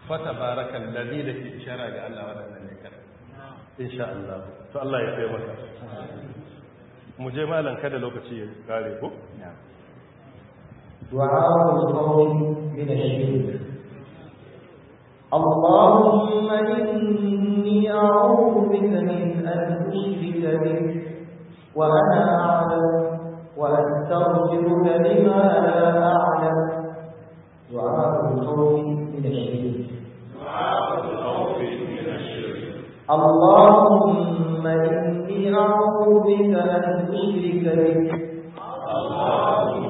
[SPEAKER 1] fata barakan lalli da ke ishara ga Allah waɗannan ne kan insha Allah to Allah ya tsaye maka mu je malam kada lokaci ya kare ko
[SPEAKER 3] du'a wa qawmin min ash-shirk اللهم إني أعوذ بك من أن أشرك بك وأنا أعلم وأستغفرك بما لا أعلم دعاء الخوف من الشرك دعاء من الشرك اللهم إني أعوذ بك أن أشرك بك اللهم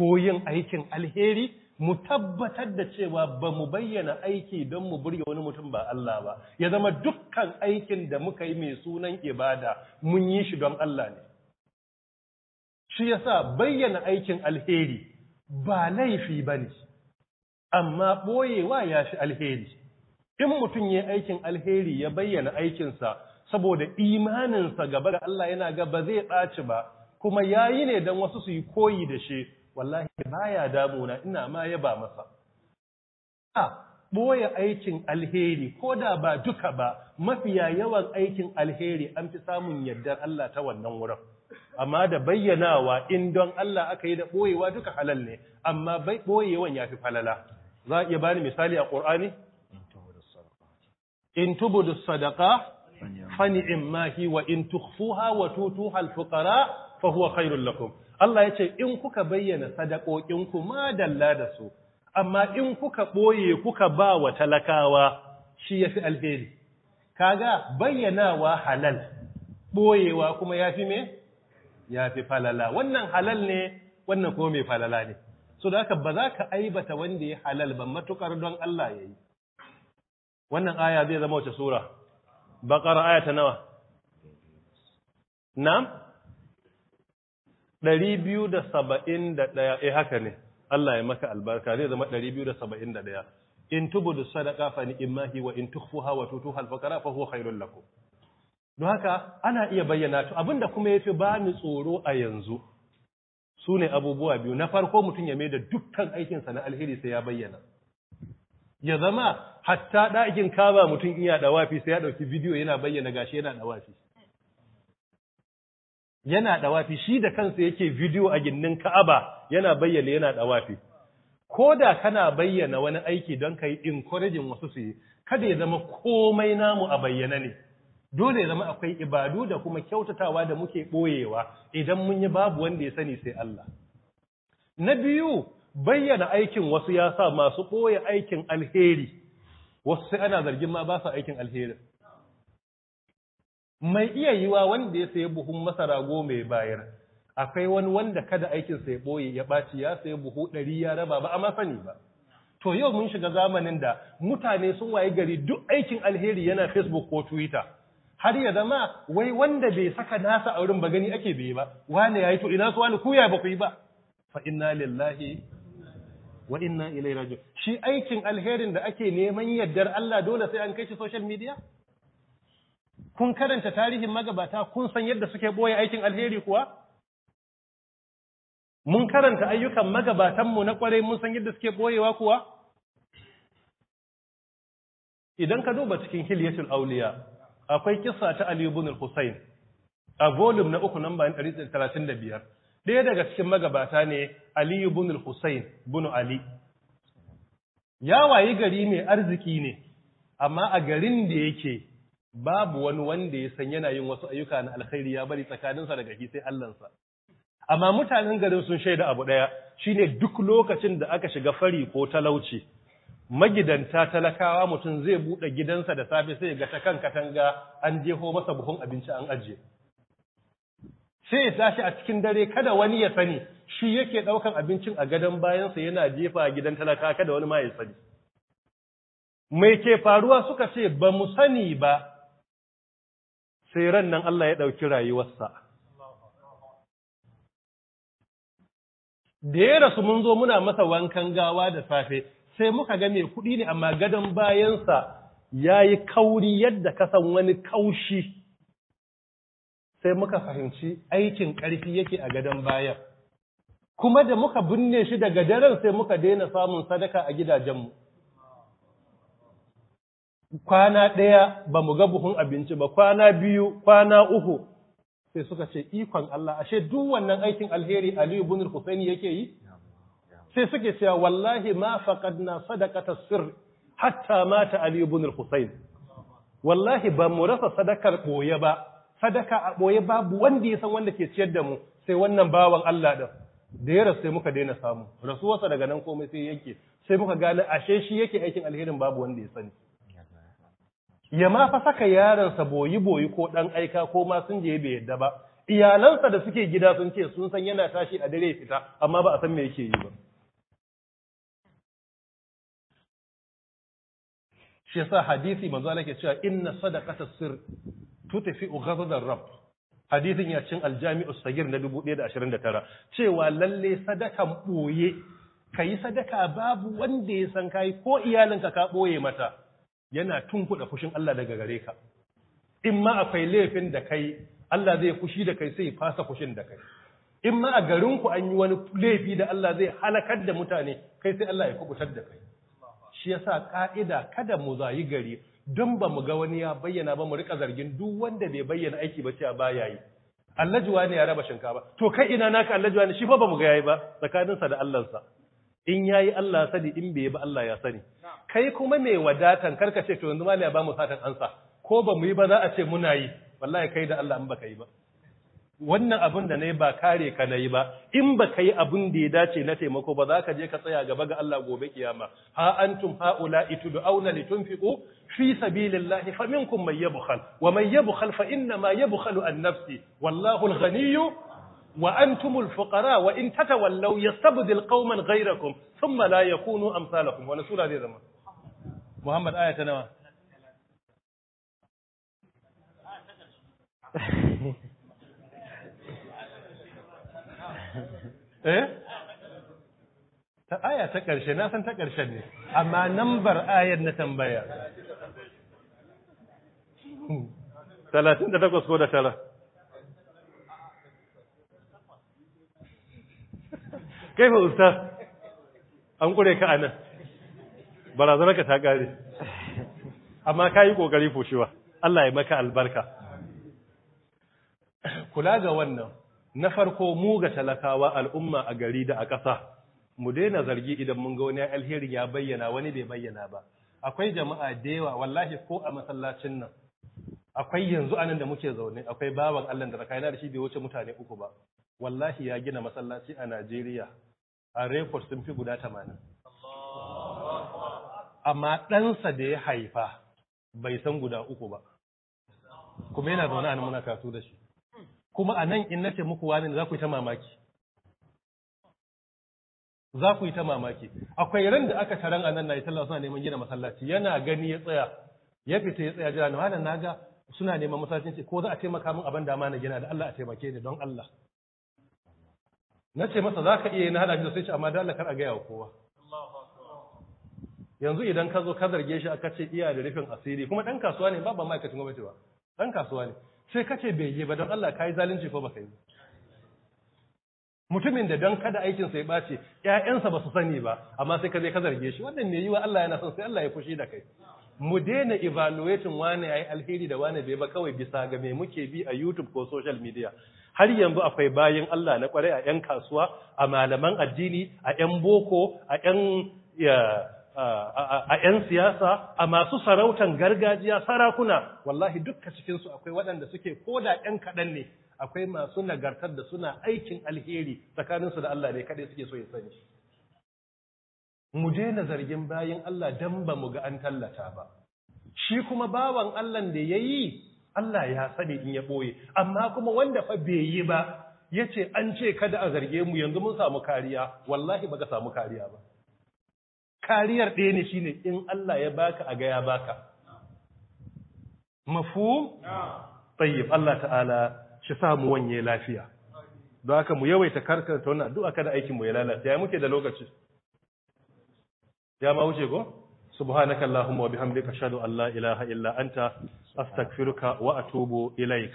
[SPEAKER 4] ko yin aikin alheri mu tabbatar da cewa ba mu
[SPEAKER 1] bayyana aiki don mu burge wani mutum ba Allah ba ya zama dukkan aikin da muka yi mai sunan ibada mun yi shi don Allah ne shi yasa bayyana aikin alheri ba laifi ba ne amma ɓoyewa ya shi alheri in mutum ya aikin alheri ya bayyana aikinsa saboda imaninsa gaba da Allah yana ga ba zai ɓaci ba kuma ya yi ne don wasu su yi koyi da shi wallahi baya damuna ina ma yaba masa a boye aikin alheri ko da ba duka ba mafiya yawan aikin alheri an fi samun yarda Allah ta wannan wurin amma da bayyanawa in don Allah aka yi da boyewa duka halal ne amma boyewan ya fi falala za a iya bani misali a Kur'ani? in tubudu sadaka ma mahi wa in tukfuha wa tutuha alfuqara fa huwa khairul lakum Allah ya ce in kuka bayyana sadakokinku ma dalla da su amma in kuka ɓoye kuka ba wa talakawa shi ya fi alheri kaga bayyanawa halal ɓoyewa kuma ya fi me ya fi falala wannan halal ne wannan ko mai falala ne so da haka ba za ka aibata wanda ya halal ba matukar don Allah ya yi wannan aya zai zama wace sura baƙar aya ta nawa na'am 271 eh haka ne Allah ya maka albarka zai zama 271 in tubudu sadaqa fa ni'mahi wa in tukhfuha wa tutuha al-fuqara fa huwa khairul lakum don haka ana iya bayyana to abinda kuma yafi ba ni tsoro a yanzu sune abubuwa biyu na farko mutun ya maida dukkan aikin sa na alheri sai ya bayyana ya zama hatta dakin kaba mutun iya dawafi sai ya dauki bidiyo yana bayyana gashi yana dawafi yana dawafi shi da kansa yake video a ginnin Ka'aba yana bayyana yana dawafi ko da kana bayyana wani aiki don kai encouraging wasu su yi kada ya zama komai namu a bayyana ne dole ya zama akwai ibadu da kuma kyautatawa da muke ɓoyewa idan mun yi babu wanda ya sani sai Allah na biyu bayyana aikin wasu ya sa masu ɓoye aikin alheri wasu sai ana zargin ma ba su aikin alherin mai iya yiwa wanda ya sayi buhun masara goma ya bayar akwai wani wanda kada aikinsa ya ɓoye ya ɓaci ya sayi buhu ɗari ya raba ba a ma ba to yau mun shiga zamanin da mutane sun waye gari duk aikin alheri yana facebook ko twitter har ya zama wai wanda bai saka nasa a wurin ba gani ake bai ba wane yayi to ina su wani kuya ba ku yi ba fa inna lillahi wa inna ilaihi raji'un shi aikin alherin da ake neman yaddar Allah dole sai an kai shi social media kun karanta tarihin magabata kun san yadda suke boye aikin alheri kuwa mun karanta ayyukan magabatanmu na kwarai mun san yadda suke boyewa kuwa idan ka duba cikin hilyatul auliya akwai kissa ta Ali ibn al-Husayn a volume na uku namba 135 daya daga cikin magabata ne Ali ibn al-Husayn ibn Ali ya wayi gari mai arziki ne amma a garin da yake babu wani wanda ya san yana yin wasu ayyuka na alkhairi ya bari tsakaninsa daga shi sai Allahnsa amma mutanen garin sun shaida abu daya shine duk lokacin da aka shiga fari ko talauci magidanta talakawa mutum zai buɗe gidansa da safe sai ga ta kan katanga an jeho masa buhun abinci an ajiye sai ya tashi a cikin dare kada wani ya sani shi yake ɗaukan abincin a gadon bayansa yana jefa gidan talaka kada wani ma ya sani mai ke faruwa suka ce ba mu sani ba sai ran nan Allah ya ɗauki rayuwarsa. Da ya rasu mun zo muna masa wankan gawa da safe, sai muka ga mai kuɗi ne amma gadon bayansa ya yi kauri yadda kasan wani kaushi. Sai muka fahimci aikin ƙarfi yake a gadon bayan. Kuma da muka binne shi daga daren sai muka daina samun sadaka a gidajenmu. kwana ɗaya ba mu ga buhun abinci ba kwana biyu kwana uku sai suka ce ikon Allah ashe duk wannan aikin alheri Aliyu bin Husaini yake yi sai suke cewa wallahi ma faqadna sadaqata sirr hatta mata Aliyu bin Husaini wallahi ba mu rasa sadakar boye ba sadaka a boye babu wanda ya san wanda ke ciyar da mu sai wannan bawan Allah da. da ya rasu sai muka daina samu rasuwarsa daga nan komai sai yake sai muka gane ashe shi yake aikin alherin babu wanda ya sani ya ma fa saka yaransa boyi-boyi ko ɗan aika ko ma sun je bai yadda ba iyalansa da suke gida sun ce sun san yana tashi a dare fita amma ba a san me yake yi ba shi yasa hadisi manzo Allah ke cewa inna sadaqata sir tutfi ghadab rabb hadisin ya cin aljami'u sagir na 1029 cewa lalle sadakan boye kai sadaka babu wanda ya san kai ko iyalinka ka boye mata yana tun kuɗa fushin Allah daga gare ka in ma akwai laifin da kai Allah zai fushi da kai sai fasa fushin da kai in ma a garinku ku an yi wani laifi da Allah zai halakar da mutane kai sai Allah ya kubutar da kai shi yasa ka'ida kada mu zayi gari don ba mu ga wani ya bayyana ba mu rika zargin duk wanda bai bayyana aiki ba cewa baya yi Allah ne ya raba shinkafa to kai ina naka Allah ne shi fa ba mu ga yayi ba tsakaninsa da Allahnsa in ya yi Allah sani in bai ba Allah ya sani kai kuma mai wadatan karka ce to yanzu mali ya bamu satan ansa ko ba mu yi ba za a ce muna yi wallahi kai da Allah in baka yi ba wannan abin da na yi ba kare ka na yi ba in baka yi abin da ya dace na taimako ba za ka je ka tsaya gaba ga Allah gobe kiyama ha antum haula tun fiƙo. fi sabilillahi mai yabu yabkhal wa mai yabkhal fa inna ma yabkhalu an nafsi Wallahul al وأنتم الفقراء وإن تتولوا يستبدل قوما غيركم ثم لا يكونوا أمثالكم ونسول هذه الزمان محمد آية نوى [laughs] إيه آية تكرشة ناسا تكرشن أما نمبر آية نتنبيا [laughs] ثلاثين ko da ثلاثة kaifa usta an kure ka anan barazanarka ka ta gare amma ka yi kokari foshewa Allah ya maka albarka kula ga wannan na farko mu ga talakawa al'umma a gari da a ƙasa mu daina zargi idan mun ga wani alheri ya bayyana wani bai bayyana ba akwai jama'a da yawa wallahi ko a masallacin nan akwai yanzu anan da muke zaune akwai baban Allah da tsakanin da shi bai wuce mutane uku ba wallahi ya gina masallaci a Najeriya a record sun fi guda 80 amma sa da ya haifa bai san guda uku ba kuma yana zaune anan muna kasu da shi kuma anan in nace muku wani za ku yi ta mamaki za ku yi ta mamaki akwai ran da aka taran anan na yi sallah suna neman gina masallaci yana gani ya tsaya ya fita ya tsaya jira na naga suna neman masallacin ce ko za a taimaka min abin dama na gina da Allah a taimake ni don Allah na ce masa za ka iya na hada da sai ce amma da Allah kar a gaya wa kowa yanzu idan ka zo ka zarge shi aka ce iya da rufin asiri kuma dan kasuwa ne ba ba ma'aikacin gwamnati ba dan kasuwa ne sai ka ce bai yi ba don Allah ka yi zalunci ko ka yi mutumin da don kada aikinsa ya ɓace ‘ya'yansa ba su sani ba amma sai ka zai ka zarge shi wannan mai yi wa Allah yana son sai Allah ya fushi da kai mu daina evaluating wane yi alheri da wane bai ba kawai bisa ga me muke bi a YouTube ko social media har yanzu akwai bayan Allah na kwarai a 'yan kasuwa a malaman addini a 'yan boko a ‘yan siyasa a masu sarautan gargajiya sarakuna wallahi dukka cikinsu akwai waɗanda suke ko da ‘yan kaɗan ne akwai masu nagartar da suna aikin alheri tsakaninsu da Allah ne kaɗai suke so ya sani mu daina zargin bayan Allah dan ba mu ga an tallata ba shi kuma bawan Allah da yayi Allah ya sani in ya boye amma kuma wanda fa bai yi ba ya ce an ce kada a zarge mu yanzu mun samu kariya wallahi baka samu kariya ba kariyar ɗaya ne shine in Allah ya baka a ga ya baka mafhum tayyib Allah ta'ala shi samu wanye lafiya don haka mu yawaita karkata wannan addu'a kada aikin mu ya lalace ya muke da lokaci ya ma wuce go subhanaka allahumma wa bihamdika ashhadu an la ilaha illa anta astaghfiruka wa atubu ilaik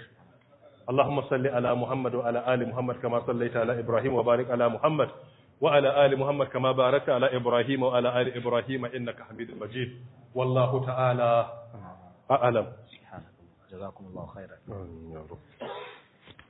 [SPEAKER 1] اللهم صل على محمد وعلى ال محمد كما صليت على ابراهيم وبارك على محمد وعلى آل محمد كما باركت على إبراهيم وعلى آل إبراهيم إنك حميد مجيد
[SPEAKER 4] والله تعالى أعلم
[SPEAKER 2] جزاكم الله خيرا